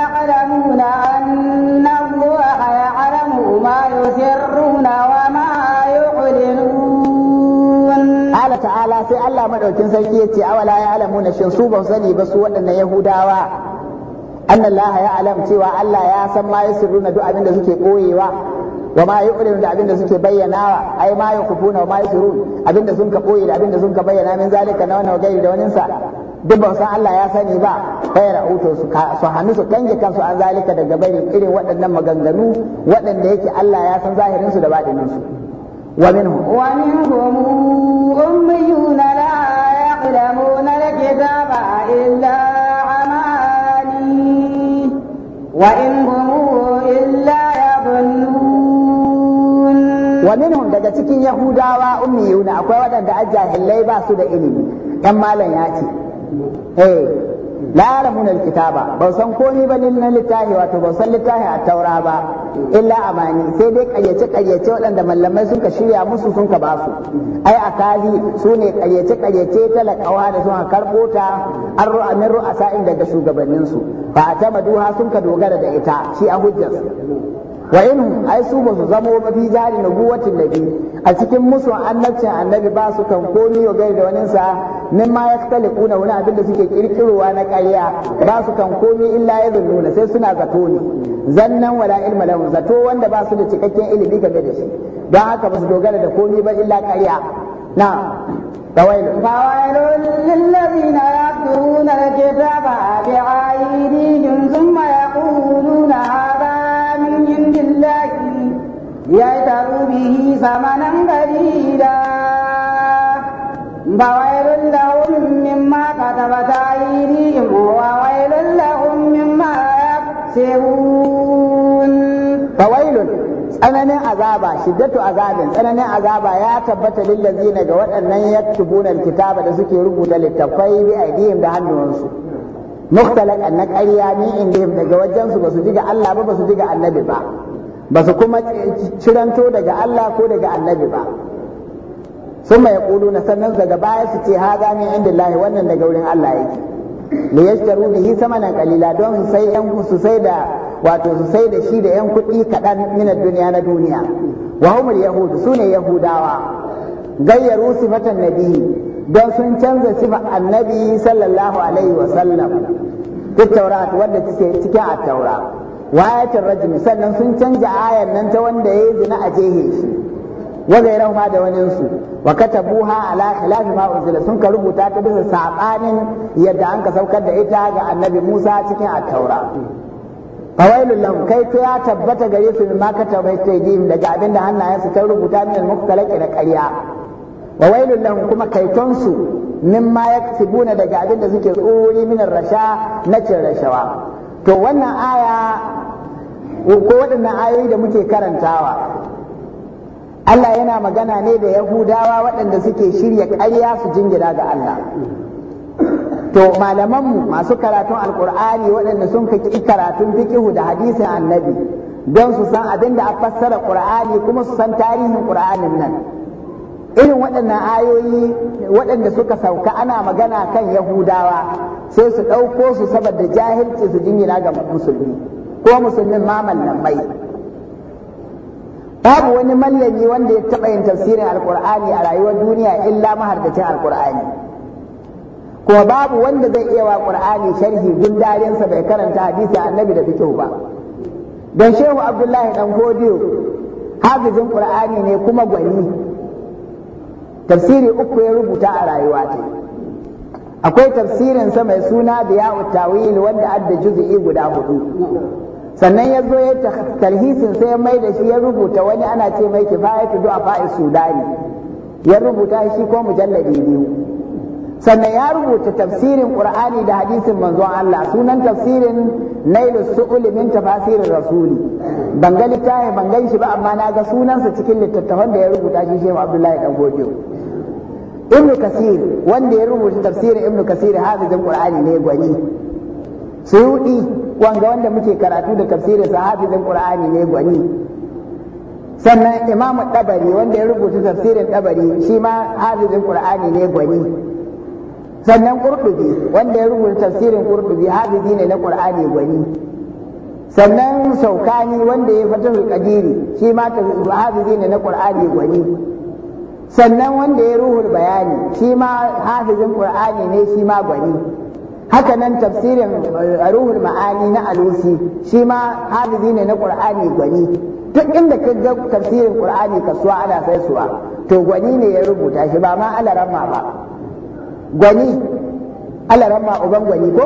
يعلمون أن الله يعلم ما يسرون وما يعلنون قال تعالى في الله مدعوكين سيكيتي أولا يعلمون شنصوبا سني بس وأن يهوداوا أن الله يعلم تيوى الله يعلم ما يسرون دعا من ذلك قويوا وما يؤلم da abin da suke bayyanawa ai ma yakufuna wa ma yusirun abin da sun ka koyi da abin da sun ka bayyana min zalika na wannan gairi da waninsa duk ba san Allah ya sani ba kai rahoto su su hannu su kange kansu an zalika daga bari irin waɗannan maganganu waɗanda yake Allah ya san zahirin su da baɗinin su wa minhum wa minhum ummiyun la ya'lamuna al-kitaba illa amani wa in illa yadhunnun wa minhum daga cikin yahudawa ummiyuna akwai waɗanda ajahilai ba su da ilimi dan malam ya ce eh la yaramuna alkitaba ba san ni ba ne na littafi wato ba san littafi a taura ba illa amani sai dai kayyace kayyace waɗanda mallamai sun ka shirya musu sun ka basu ai akali su ne kayyace kayyace talakawa da sun karɓo ta an ru'a min ru'asa inda da shugabannin su fa atamaduha sun ka dogara da ita shi a hujjar wa in ai su ba su zamo ba fi jari na guwatin nabi a cikin musu annabcin annabi ba su kan komi ya gaida waninsa min ma ya kuna wani abin da suke kirkirowa na ƙarya ba su kan komai illa ya zunnuna sai suna zato ne zannan wala ilma lahu zato wanda ba su da cikakken ilimi game da shi don haka ba su dogara da komai ba illa ƙarya na فويل فويل للذين يكتبون الكتاب بأيديهم ثم يقولون هذا من عند الله ليشتروا به ثمنا قليلا فويل لهم مما كتبت أيديهم وويل لهم مما يكسبون فويل tsananin azaba shiddatu azabin tsananin azaba ya tabbata lillazina ga waɗannan yaktubuna alkitaba da suke rubuta littafai bi aidihim da hannuwansu mukhtalaq an ƙarya ni indihim daga wajen su basu diga Allah ba basu diga annabi ba basu kuma ciranto daga Allah ko daga annabi ba sun mai na sannan daga baya su ce ha min inda lahi wannan daga wurin Allah yake li shi sama samanan kalila don sai yan su sai da wato su sai da shi da yan kuɗi kaɗan min duniya na duniya wa humul yahud ne yahudawa gayyaru sifatan nabi don sun canza sifa annabi sallallahu alaihi wa sallam tattaurat wanda take cikin at-taura wa ayatul rajm sannan sun canza ayan nan ta wanda yayi zina a jehe shi wa ghayrahuma da wani su wa katabuha ala khilafi ma unzila sun ka rubuta ta bisa sabanin yadda an ka saukar da ita ga annabi Musa cikin at-taura fawailul lahum kai ta ya tabbata gare su ma katabai taydihim daga abinda hannayensu ta rubuta min al-muktalaqi da ƙarya wa wailul lahum kuma kaiton su mimma yaksibuna daga da suke tsuri min rasha na cin rashawa to wannan aya ko waɗannan ayoyi da muke karantawa Allah yana magana ne da Yahudawa waɗanda suke shirya ƙarya su jingina ga Allah to malamanmu masu karatun alƙur'ani waɗanda sun fi karatun fikihu da hadisin annabi don su san abin da a fassara Ƙur'ani kuma su san tarihin Ƙur'anin nan irin waɗannan ayoyi waɗanda suka sauka ana magana kan yahudawa sai su ɗauko su saboda jahilci su jingina ga musulmi ko musulmin ma mai. babu wani mallami wanda ya taɓa yin tafsirin alkur'ani a rayuwar duniya illa mahardacin alkur'ani kuma babu wanda zai iya wa qur'ani sharhi duk darinsa bai karanta hadisi annabi da fiqh ba don shehu abdullahi dan godiyo hafizin qur'ani ne kuma gwani tafsiri uku ya rubuta a rayuwa ta akwai tafsirin sa mai suna da ya'u tawil wanda adda juz'i guda hudu sannan ya zo ya talhisin sai ya mai da shi ya rubuta wani ana ce mai kifayatu du'a fa'i sudani ya rubuta shi ko mujalladi biyu sannan ya rubuta tafsirin qur'ani da hadisin manzon Allah sunan tafsirin nailu su min tafasirin rasuli ban ga littafin ban gan shi ba amma na ga sunansa cikin littattafan da ya rubuta shi shehu abdullahi dan godiyo ibnu kasir wanda ya rubuta tafsirin ibnu kasir hafizin qur'ani ne gwani suyudi wanga wanda muke karatu da tafsirin sahabin qur'ani ne gwani sannan imamu ɗabari wanda ya rubuta tafsirin ɗabari shi ma hafizin qur'ani ne gwani sannan qurtubi wanda ya rubuta tafsirin qurtubi hafizi ne na qur'ani gwani sannan saukani wanda ya fatahul qadiri shi ma hafizi ne na qur'ani gwani sannan wanda ya ruhul bayani shi ma hafizin qur'ani ne shi ma gwani haka nan tafsirin eh, ruhul ma'ani na alusi shi ma hafizi ne na qur'ani gwani duk inda ka ga tafsirin qur'ani kasuwa ana sai suwa to gwani ne ya rubuta shi ba ma alaramma ba gwani alaramma uban gwani ko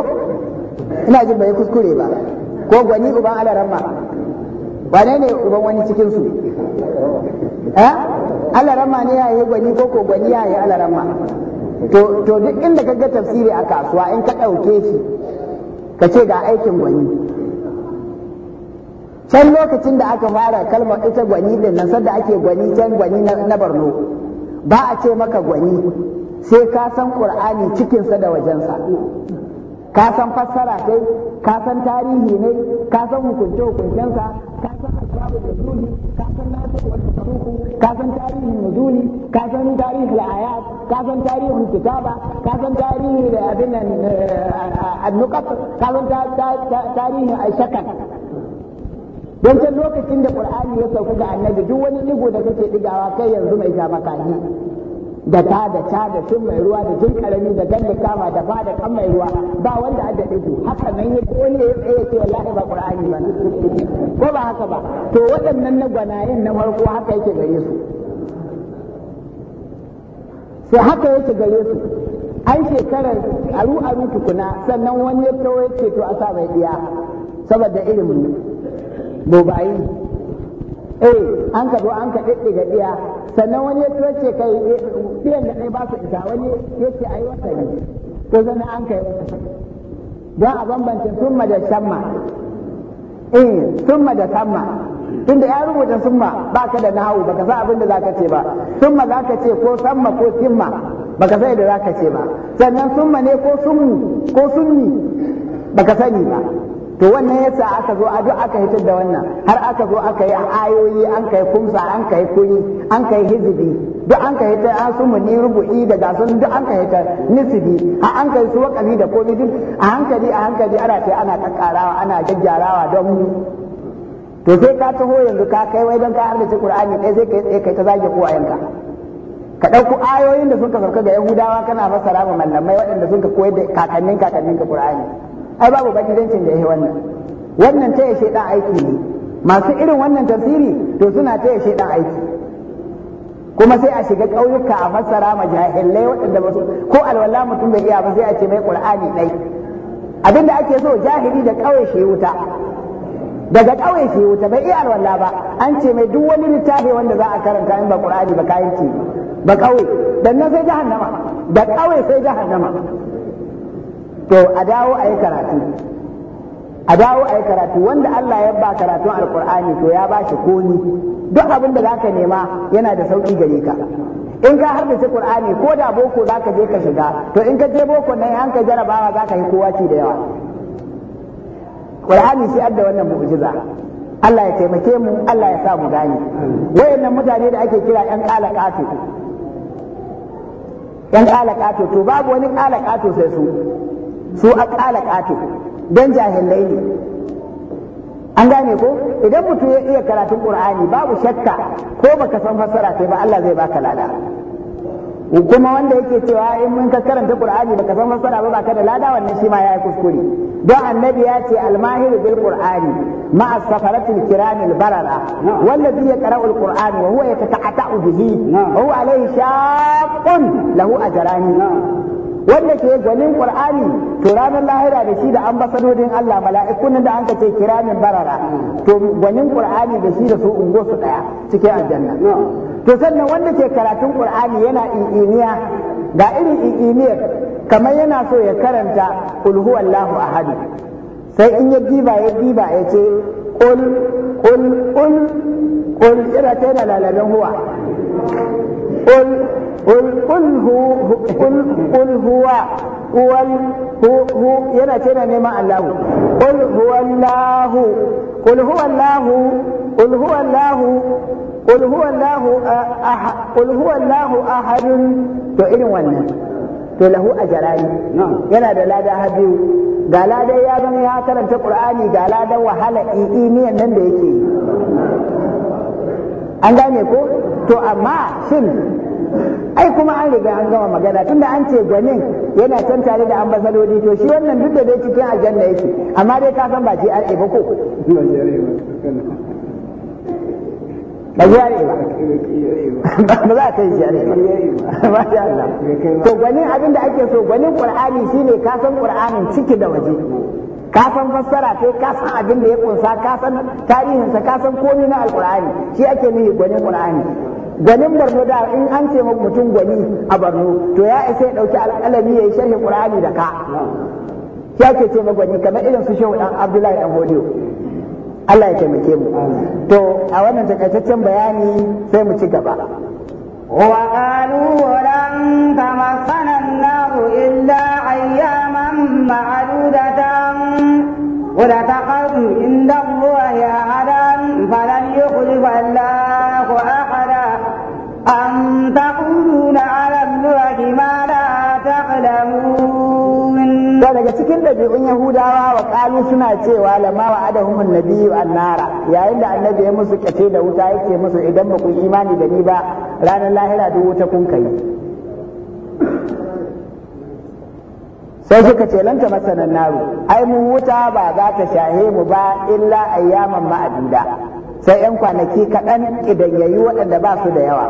ina jin bai kuskure ba ko gwani uban alaramma wane ne uban wani cikin su eh alaramma ne ya gwani ko ko gwani ya yi alaramma to to duk inda kaga ga tafsiri a kasuwa in ka ɗauke shi ka ce ga aikin gwani can lokacin da aka fara kalmar ita gwani din nan da ake gwani can gwani na barno ba a ce maka gwani sai ka san ƙur'ani cikinsa da wajensa ka san fassara sai. ka san tarihi ne ka san hukunce hukuncensa ka san asbabu da zuli ka san nasu ka san tarihin nuzuli ka san tarihin ayat ka san tarihin kitaba ka san tarihin eh, abin nan eh, annuqat ka san tarihin ashakal don can lokacin da qur'ani ya sauka ga annabi duk wani digo da kake digawa kai yanzu mai ja da ta da ta da tun mai ruwa da tun karami da gan da kama da fa da kan mai ruwa ba wanda daɗe su haka nan ko wani ya tsaye ce wallahi ba qur'ani ba ko ba haka ba to waɗannan na gwanayen na farko haka yake gare su sai haka yake gare su an shekarar aru aru tukuna sannan wani ya tawo yake to a sa mai diya saboda ilimin bobayi eh an ka zo an ka ɗiɗɗiga iya sannan wani ya ce kai eh, biyan da ɗaya ba su isa wani ya ce ai wata ne ko zana an kai wata don a bambance summa da shamma eh summa da shamma tunda ya rubuta summa ba ka da nahawu baka san abin da zaka ce ba summa zaka ce ko samma ko simma baka sai da zaka ce ba sannan summa ne ko summu ko sunni baka sani ba to wannan yasa aka zo a duk aka hitar da wannan har aka zo aka yi ayoyi an kai kumsa an kai kuri an kai hizibi duk an kai hitar an su muni rubu'i da gasun duk an kai hitar nisibi a an kai su wakafi da komai duk a hankali a hankali ana ta ana kakkarawa ana jajjarawa don to sai ka taho yanzu ka kai wai don ka arzici qur'ani kai sai kai kai ta zage uwayenka ka ɗauko ayoyin da sun ka sauka ga yahudawa kana fassara ma mallamai waɗanda suka koyar da kakannin kakannin ka qur'ani ai babu bakirancin da ya wannan wannan taya shaidan aiki ne masu irin wannan tafsiri to suna taya shaidan aiki kuma sai a shiga ƙauyuka a fassara ma jahilai waɗanda ba su ko alwala mutum bai iya ba sai a ce mai qur'ani dai abinda ake so jahili da ƙauye shi wuta daga ƙauye shi wuta bai iya alwala ba an ce mai duk wani littafi wanda za a karanta in ba qur'ani ba kayanci ba ƙauye dan nan sai jahannama da ƙauye sai jahannama to a dawo a yi karatu a dawo a yi karatu wanda Allah ya ba karatun alkur'ani to ya ba shi komi duk abin da zaka nema yana da sauki gare ka in ka harbace qur'ani ko da boko zaka je ka shiga to in ka je boko nan an ka jarabawa zaka yi kowa ci da yawa qur'ani shi adda wannan mu'jiza Allah ya taimake mu Allah ya sa mu gane wayannan mutane da ake kira yan kalakatu yan kalakatu to babu wani kalakatu sai su su a ƙala ƙato don jahilai ne an gane ko idan mutum ya iya karatun ƙur'ani babu shakka ko baka san fassara sai ba Allah zai baka lada kuma wanda yake cewa in mun ka karanta ƙur'ani baka san fassara ba baka da lada wannan shi ma ya yi kuskure don annabi ya ce almahiru bil qur'ani ma as-safaratil kiramil barara wanda zai qara'u al qur'ani wa huwa yatata'atu bihi wa huwa alayhi lahu a ajrani wanda ke gwanin qur'ani to ranar lahira da shi da ambasadodin Allah mala'ikun da an ce kiramin barara to gwanin qur'ani da shi da su ungo su daya cikin aljanna to sannan wanda ke karatun qur'ani yana iiniya ga irin iiniyar kamar yana so ya karanta qul huwallahu ahad sai in ya diba ya diba ya ce qul qul qul qul ira ta huwa قل قل قل هو قل قل هو هو هو yana ce ne قل هو الله قل هو الله قل هو الله قل هو الله قل هو الله أحد irin wannan to lahu ajrani yana da lada biyu ga lada ya zama ya karanta qur'ani ga lada wahala imiyan nan da yake an gane ko to amma shin ai kuma an riga an gama magana tunda an ce gwanin yana can tare da ambasadodi to shi wannan duk da dai cikin aljanna yake amma dai ka san ba ce an ba ko ba ba za ka yi shi ba to gwanin abin da ake so gwanin qur'ani shine ka san qur'anin ciki da waje ka san fassara sai ka san abin da ya kunsa ka san tarihinsa ka san komai na alqur'ani shi ake nufi gwanin qur'ani gwanin barno da in an ce mutum gwani a barno to ya isa ya dauki alƙalami ya yi sharhin qur'ani da ka ya ke ce gani kamar irin su shehu dan abdullahi dan hodiyo Allah ya taimake mu to a wannan takaitaccen bayani sai mu ci gaba وقالوا لن تمسنا النار إلا أياما فلن يخلف الله أم تقولون على الله ما لا تعلمون da daga cikin ɗabi'un Yahudawa wa suna cewa lamawa wa adahumun nabiyu annara yayin da annabi ya musu kace da wuta yake musu idan ba ku imani da ni ba ranar lahira duk wuta kun sai suka ce lanta masanan naru ai mu wuta ba za ta shahe mu ba illa ayyaman ma'adida sai 'yan kwanaki kaɗan idan yayi waɗanda ba su da yawa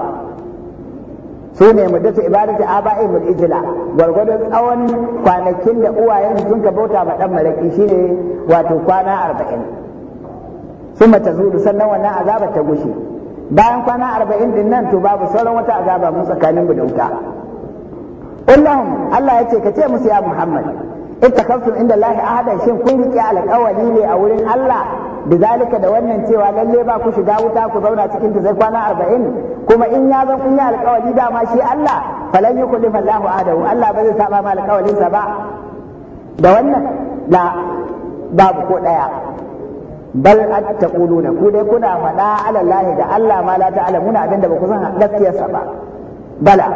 su ne muddatu ibadatu aba'i mul ijla gwargwadon tsawon kwanakin da uwayen sun kinka bauta ma dan malaki shine wato kwana arba'in Su mata zuru sannan wannan azaba ta gushe bayan kwana arba'in din nan to babu sauran wata azaba mu tsakanin mu da wuta Allahum Allah ya ce ka ce musu ya Muhammad ittakaftum inda lahi ahadan shin kun rike alƙawari ne a wurin Allah da zalika da wannan cewa lalle ba ku shiga wuta ku zauna cikin ta zai kwana arba'in? kuma in ya zan kun yi alƙawari ma shi Allah falan yukullifa Allahu ahadahu Allah ba zai saba ma alƙawarin sa ba da wannan la babu ko daya bal attaquluna ku dai kuna faɗa ala Allah da Allah ma la ta'lamuna abinda ba ku san gaskiyarsa ba bala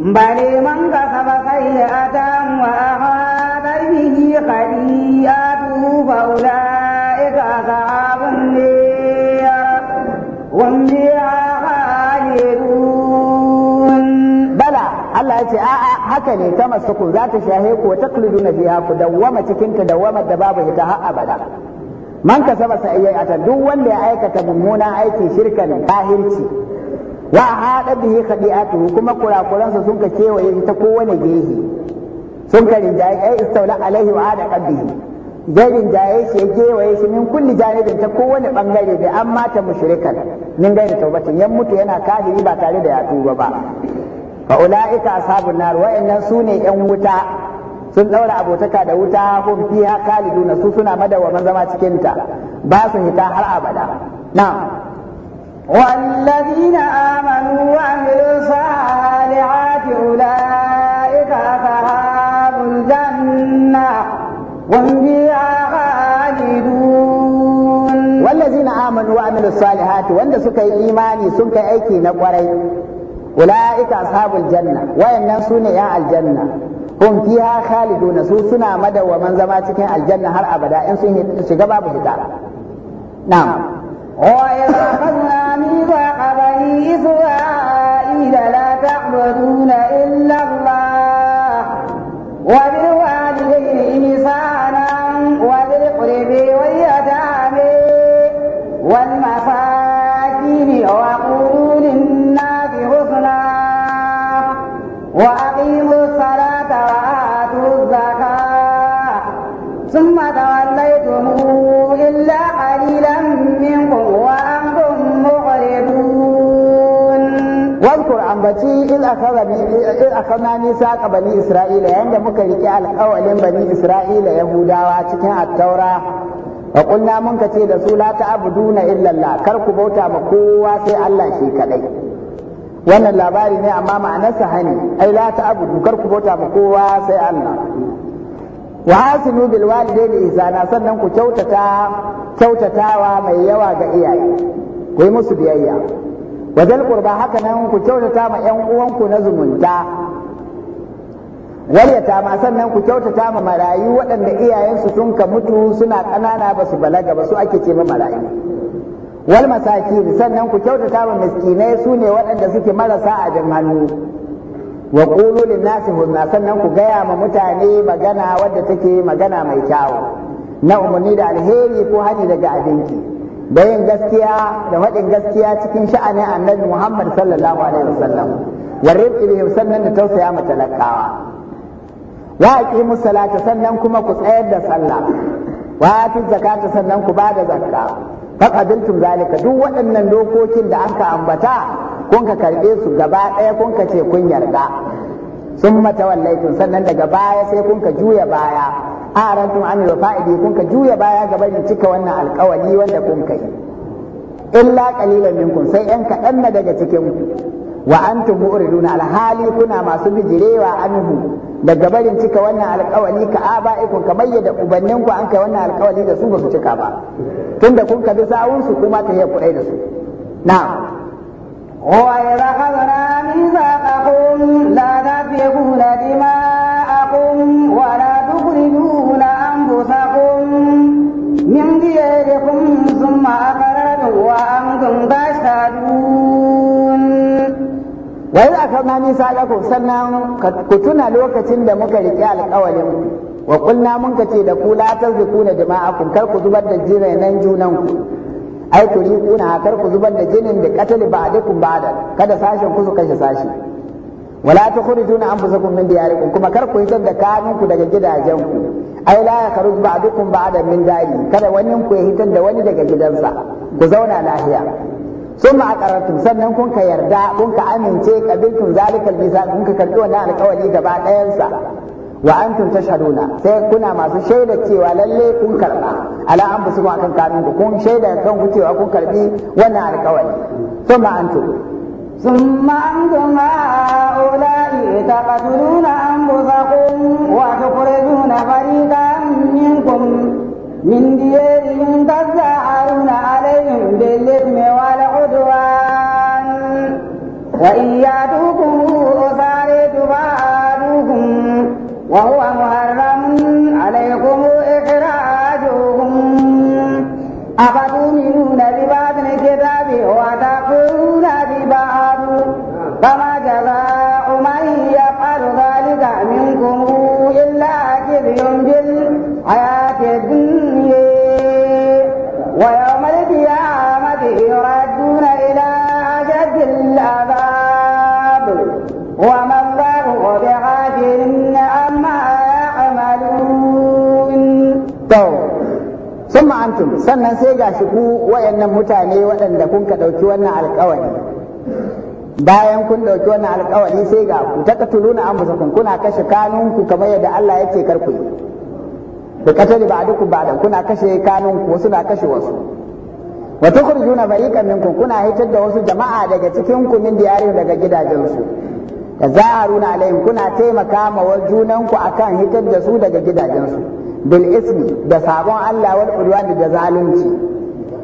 بل من كسب سيئة وأحاط به خطيئته فأولئك أصحاب النار هم فيها خالدون بلى الله تعالى haka ne ta masakun za ta shahe ku ta na biya ku dawwama cikin ta dawwama da babu ita har abada man kasaba sa'iyyata duk wanda ya aikata mummunan aiki shirkan kahirci wa hada bihi khadi'atuhu kuma kurakuransa sun ka kewaye ta kowane gehe sun ka rinjaye ai istaula alaihi wa ada qaddihi zai rinjaye shi ya kewaye shi min kulli janibin ta kowane bangare da an mata mushrikan min gairi tawbatin yan mutu yana kafiri ba tare da ya tuba ba fa ulaika ashabun nar wa'annan sune yan wuta sun daura abotaka da wuta hum fiha khaliduna su suna madawa zama cikin ta ba su hita har abada na'am والذين آمنوا وعملوا الصالحات أولئك أصحاب الجنة هم فيها خالدون والذين آمنوا وعملوا الصالحات وند سكي إيماني سكي أيكي نقري أولئك أصحاب الجنة وإن سنة يا الجنة هم فيها خالدون سو سنة مدى ومن زماتك الجنة هر أبدا إن سنة شغباب هتارا نعم وإذ أخذنا ميثاق بني إسرائيل لا تعبدون إلا الله akhadha bi akhadna bani isra'ila da muka rike alƙawalin bani isra'ila yahudawa cikin atara. wa qulna mun kace da su la ta'buduna illa Allah kar ku bauta ma kowa sai Allah shi kadai wannan labari ne amma ma'anarsa hani ai la ta'budu kar ku bauta ma kowa sai Allah wa hasinu bil walidaini ihsana sannan ku kyautata kyautatawa mai yawa ga iyaye ku yi musu biyayya wajen kurba haka nan ku kyautata ma yan uwanku na zumunta waryata ma sannan ku kyautata ma marayu waɗanda iyayensu sun ka mutu suna ƙanana ba su balaga ba su ake ce ma marayu wal masakin sannan ku kyautata ma miskinai su ne waɗanda suke marasa abin hannu wa qulu lin nasi hunna sannan ku gaya ma mutane magana wadda take magana mai kyau na umarni da alheri ko hani daga abinci. da gaskiya da faɗin gaskiya cikin sha'anin annabi Muhammad sallallahu alaihi wasallam wa rifqi sannan da tausaya ma talakawa wa aqimu salata sannan kuma ku tsayar da sallah wa atu zakata sannan ku bada zakka faqadiltum zalika duk waɗannan dokokin da aka ambata kun ka karbe su gaba ɗaya kun ka ce kun yarda sun mata wallaitun sannan daga baya sai kun ka juya baya arantum an fa'idi kun ka juya baya ga bari cika wannan alƙawari wanda kun kai illa qalilan minkum sai yan kaɗan na daga cikin ku wa antum mu'riduna alhali kuna masu bijirewa anhu daga barin cika wannan alƙawari ka aba'ikum bayyana yadda ubanninku an kai wannan alƙawari da su ba su cika ba tunda kun ka bi sa'un su kuma ta kuɗai da su na'am وإذا أخذنا ميثاقكم لا تسفكون دماء wa an kun ba sa dun wa yi aka ma nisa ya sannan ku tuna lokacin da muka riƙe alƙawarin wa kulna mun ka ce da ku la ta zuku na jama'akum kar ku zubar da jinai nan junan ku ai ku riƙuna kar ku zubar da jinin da katali ba dukun ba da kada sashen ku su kashe sashe. wala an tukhrijuna anfusakum min diyarikum kuma kar ku hitar da kanunku daga gidajenku ai la yakhruj ba'dukum ba'da min dari kada wani ku ya hitar da wani daga gidansa ku zauna lafiya sun ma aqarratum sannan kun ka yarda kun ka amince qabiltum zalikal bisa kun ka karbi wannan alƙawari gaba ɗayansa wa antum tashhaduna sai kuna masu shaida cewa lalle kun karba ala anfusakum akan kanunku kun shaida kanku cewa kun karbi wannan alƙawari sun ma antum ثم أنتم هؤلاء تقتلون أنفسكم وتخرجون فريقا منكم من ديارهم تزاحرون عليهم بالإثم والعدوان وإن يأتوكم أساري تبادوكم وهو مهرب mutum sannan sai ga shi ku wayannan mutane waɗanda kun ka ɗauki wannan alƙawari bayan kun ɗauki wannan alƙawari sai ga ku ta katuluna anfusakum kuna kashe kanunku kamar yadda Allah yake karku ku katali ba duk ba kuna kashe kanunku wasu na kashe wasu wa tukhrijuna fariqan minkum kuna hitar da wasu jama'a daga cikin ku min diyarin daga gidajensu da za runa alaihim kuna taimaka ma junanku akan hitar da su daga gidajensu bil ismi da sabon Allah wal udwan da zalunci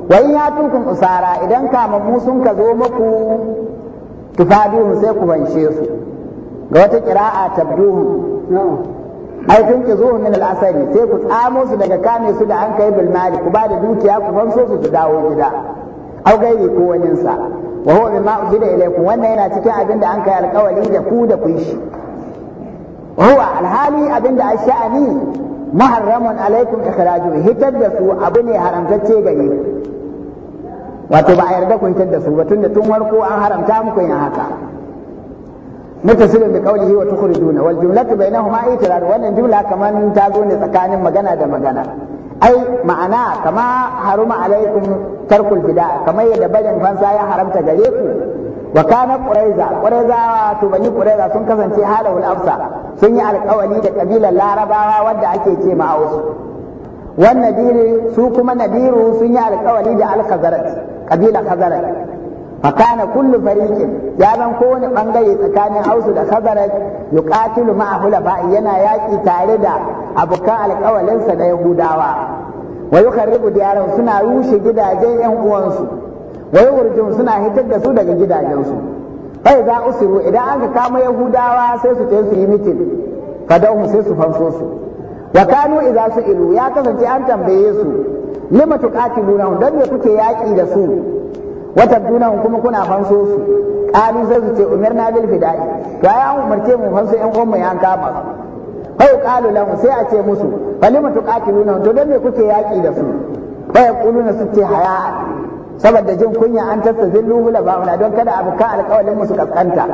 wa ya yatukun usara idan kama mu sun ka zo muku tufadihum sai ku bance su ga wata qira'a mu. ai tun ki zo min al-asari sai ku tsamo su daga kame su da an kai bil mali ku ba da dukiya ku fanso su su dawo gida au gairi ko wani sa wa huwa bima ujida ilaykum wannan yana cikin abin da an kai alƙawari da ku da ku shi huwa alhali abin da muharramun alaikum ikhraju hitar da su abu ne haramtacce gare wato ba a yarda ku hitar da su ba da tun warko an haramta muku yin haka mutasilin da kaulihi wa tukhrijuna wal jumlatu bainahuma itirar wannan jumla kaman ta zo ne tsakanin magana da magana ai ma'ana kama haruma alaikum tarkul bid'a kamar yadda barin fansa ya haramta gare ku wa kana quraiza quraiza to bani quraiza sun kasance halawul afsa sun yi alƙawari da kabilar larabawa wanda ake ce ma aus wan nadiri su kuma nadiru sun yi alƙawari da al ƙabilar kabilar khazarat fa kana kullu fariqin ya zan kowane bangare tsakanin ausu da khazarat yuqatilu ma'a hulafa yana yaki tare da abokan alƙawalinsa da yahudawa wa yukharribu diyaran suna rushe gidajen yan uwansu wai wurjin suna hitar da su daga gidajensu bai za usiru idan an ka kama yahudawa sai su ce su yi mitin fadahu sai su fanso su wa kanu idza su'ilu ya kasance an tambaye su lima tuqatiluna dan me kuke yaki da su wata tabduna kuma kuna fanso su qalu sai su ce umirna bil fida'i to ai an umarce mu fanso yan uwan mu yan kama kai qalu lahu sai a ce musu falima tuqatiluna to dan me kuke yaki da su bai kuluna su ce haya saboda jin kunya an tastazin luhula ba'una don kada abu ka alƙawalin musu kaskanta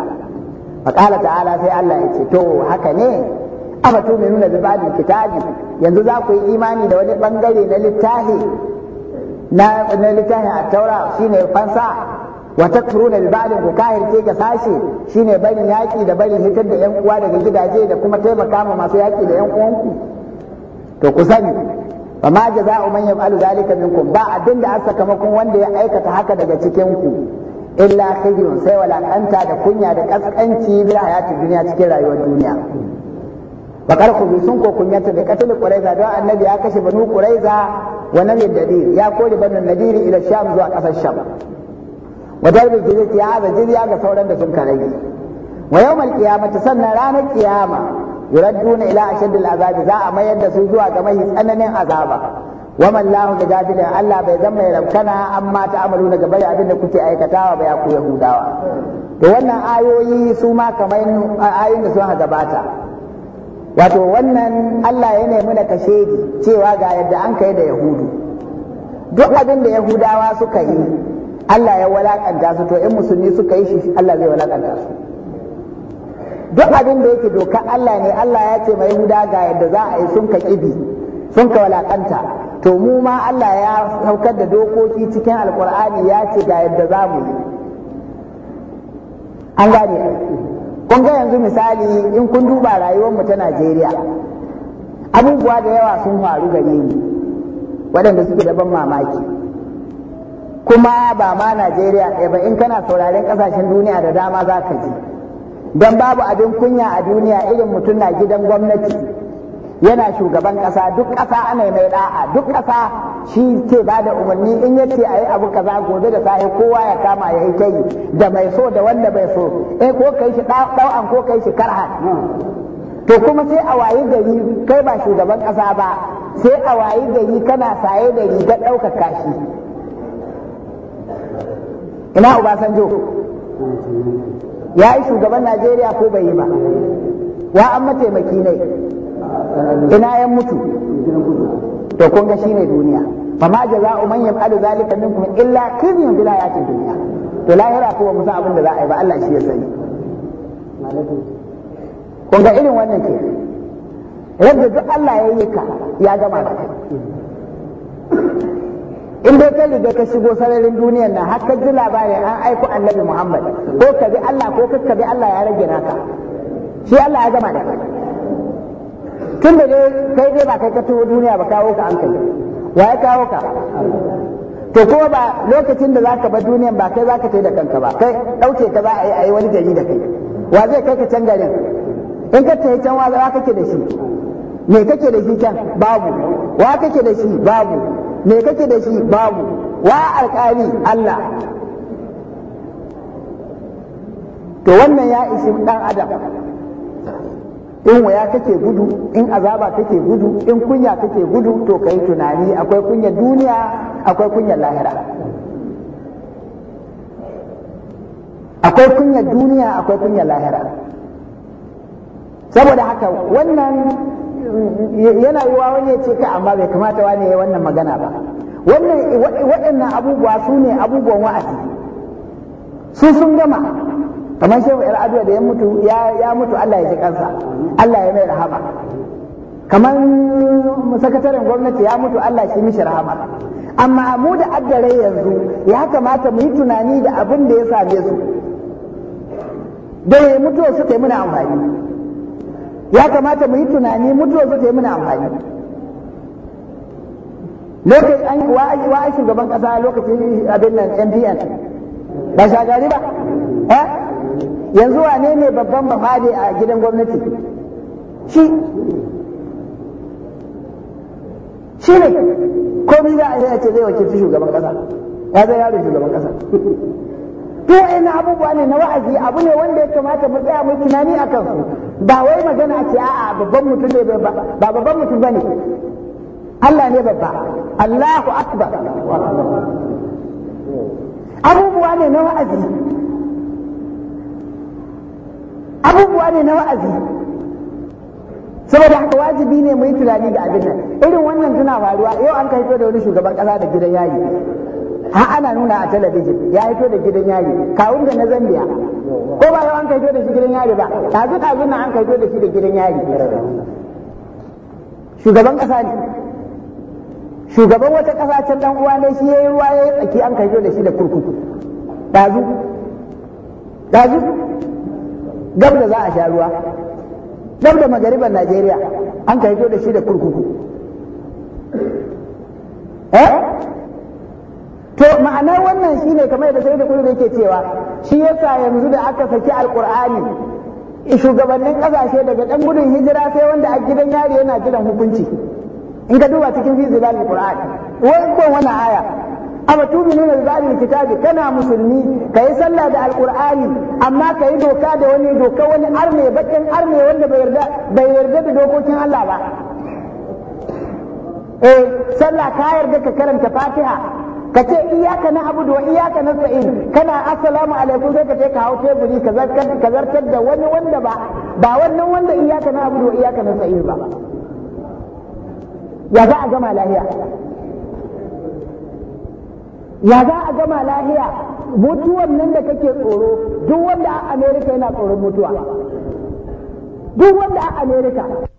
qala ta'ala sai Allah ya ce to haka ne afatu mai nuna bibadin kitabi yanzu za ku yi imani da wani bangare na littafi na littafin a taura shine fansa wa takfuruna bi ba'din ku ke ga sashe shine barin yaki da barin hitar da yan uwa daga gidaje da kuma taimaka ma masu yaki da yan uwanku to ku sani za a jaza'u man yaf'alu zalika ku. ba abinda da an sakamakon wanda ya aikata haka daga cikin ku illa sai walakanta da kunya da kaskanci bil hayati duniya cikin rayuwar duniya Baƙar ku sun ko kunyata da katil quraiza don annabi ya kashe banu quraiza wa nabi dadir ya kore banu nadir ila sham zuwa kasar sham wa darbi jizya ya ga ga sauran da sun karai. wa yawmal sannan ranar kiyama na ila ashaddil azabi za a mayar da su zuwa ga mai tsananin azaba wa man lahu gafilin Allah bai zan mai rabkana amma ta amalu na gaba abin da kuke aikatawa ba ya ku yahudawa to wannan ayoyi su ma kamar ayoyin da sun gabata wato wannan Allah ya nemi na kashedi cewa ga yadda an kai da yahudu duk abin da yahudawa suka yi Allah ya walakanta su to in musulmi suka yi shi Allah zai walakanta su duk abin da yake doka Allah ne Allah ya ce mai huda ga yadda za a yi sun ka kibi sun ka walakanta to mu ma Allah ya saukar da dokoki cikin alkur'ani ya ce ga yadda za mu yi an gane kun ga yanzu misali in kun duba rayuwar mu ta Najeriya abubuwa da yawa sun faru gare ni waɗanda suke da ban mamaki kuma ba ma Najeriya ɗaya ba in kana sauraren ƙasashen duniya da dama za ka ji don babu abin kunya a duniya irin mutum na gidan gwamnati yana shugaban ƙasa duk ƙasa ana mai da'a duk ƙasa shi ke ba da umarni in ya ce a yi abu kaza gobe da safe kowa ya kama ya yi kai da mai so da wanda bai so eh ko kai shi ɗau'an ko kai shi karhan to kuma sai a wayi gari kai ba shugaban ƙasa ba sai a wayi gari kana saye da rigar ɗaukar kashi ina uba ubasanjo ya yi shugaban najeriya ko bai yi ba wa an mataimaki ne ina yan mutu to kun ga shine duniya fa ma jaza'u man fadu zalika kuma illa yanzu bil hayatid duniya to lahira ko mu san abin da za a yi ba Allah shi ya sani kun ga irin wannan ke yadda duk Allah ya yi ka ya gama da kai in dai kai riga ka shigo sararin duniyar nan har ka ji labarin an aiko annabi Muhammad ko ka bi Allah ko ka bi Allah ya rage naka shi Allah ya gama da tun da dai kai dai ba kai ka tuwo duniya ba kawo ka an kai wa ya kawo ka to ko ba lokacin da zaka bar duniyar ba kai zaka tai da kanka ba kai dauke ka za a yi wani gari da kai wa zai kai ka can garin in ka tai can wa za kake da shi me kake da shi can babu wa kake da shi babu me kake da shi babu wa alƙali Allah to wannan ya ishi dan adam in waya kake gudu in azaba kake gudu in kunya kake gudu to kai tunani akwai kunya duniya akwai kunya lahira akwai kunya duniya akwai kunya lahira saboda haka wannan yana wa wani ya ce ka amma bai kamata wani ya wannan magana ba wannan waɗannan abubuwa su ne abubuwan wa'azi su sun gama kamar shehu yar aduwa da ya mutu ya mutu Allah ya ji kansa Allah ya mai rahama kamar sakataren gwamnati ya mutu Allah shi mishi rahama amma mu da addare yanzu ya kamata mu yi tunani da abin da ya same su da mutu suka yi muna amfani ya kamata mu yi tunani mutuwar zai ta yi muna amfani lokacin an wa a shugaban kasa lokacin abin nan MPN ba shagari ba yanzu wane ne babban bafade a gidan gwamnati shi shi ne komi za a ce zai wakilci shugaban kasa ya zai yaro shugaban kasa to ina abubuwa ne na wa'azi abu ne wanda ya kamata mu tsaya mu tunani a kansu ba wai magana a ce a'a babban mutum ne ba babban mutum bane Allah ne babba Allahu akbar abubuwa ne na wa'azi abubuwa ne na wa'azi saboda haka wajibi ne mu yi tunani da abin nan irin wannan tana faruwa yau an kai da wani shugaban kasa da gidan yayi har ana nuna a talabijin ya hito da gidan yari kawun da na zambiya ko ba yau an kai da shi gidan yari ba kazu kazu na an kai da shi da gidan yari shugaban kasa ne shugaban wata kasa can ɗan uwa ne shi yayi ruwa yayi tsaki an kai da shi da kurkuku kazu ɗazu gab da za a sha ruwa gab da magariban Najeriya an kai da shi da kurkuku eh to ma'anar wannan shine kamar yadda sai da kullum yake cewa shi yasa yanzu da aka saki alqur'ani shugabannin kasashe daga dan gudun hijira sai wanda a gidan yari yana jiran hukunci in ka duba cikin fi zilalil qur'an wai ko wannan aya amma tuminu da zalil kitabi kana musulmi kai sallah da alqur'ani amma kai doka da wani doka wani arme bakin arme wanda bai yarda bai yarda da dokokin Allah ba eh sallah ka yarda ka karanta fatiha ka ce iyaka na abu da iyaka na sa'in kana assalamu alaikum sai ka ce kawo teburi ka zartar da wani wanda ba ba wannan wanda iyaka na abu da iyaka na sa'in ba ya za a gama lahiya ya za a gama lahiya mutuwan nan da kake tsoro duk wanda a amerika yana tsoron mutuwa duk wanda a amerika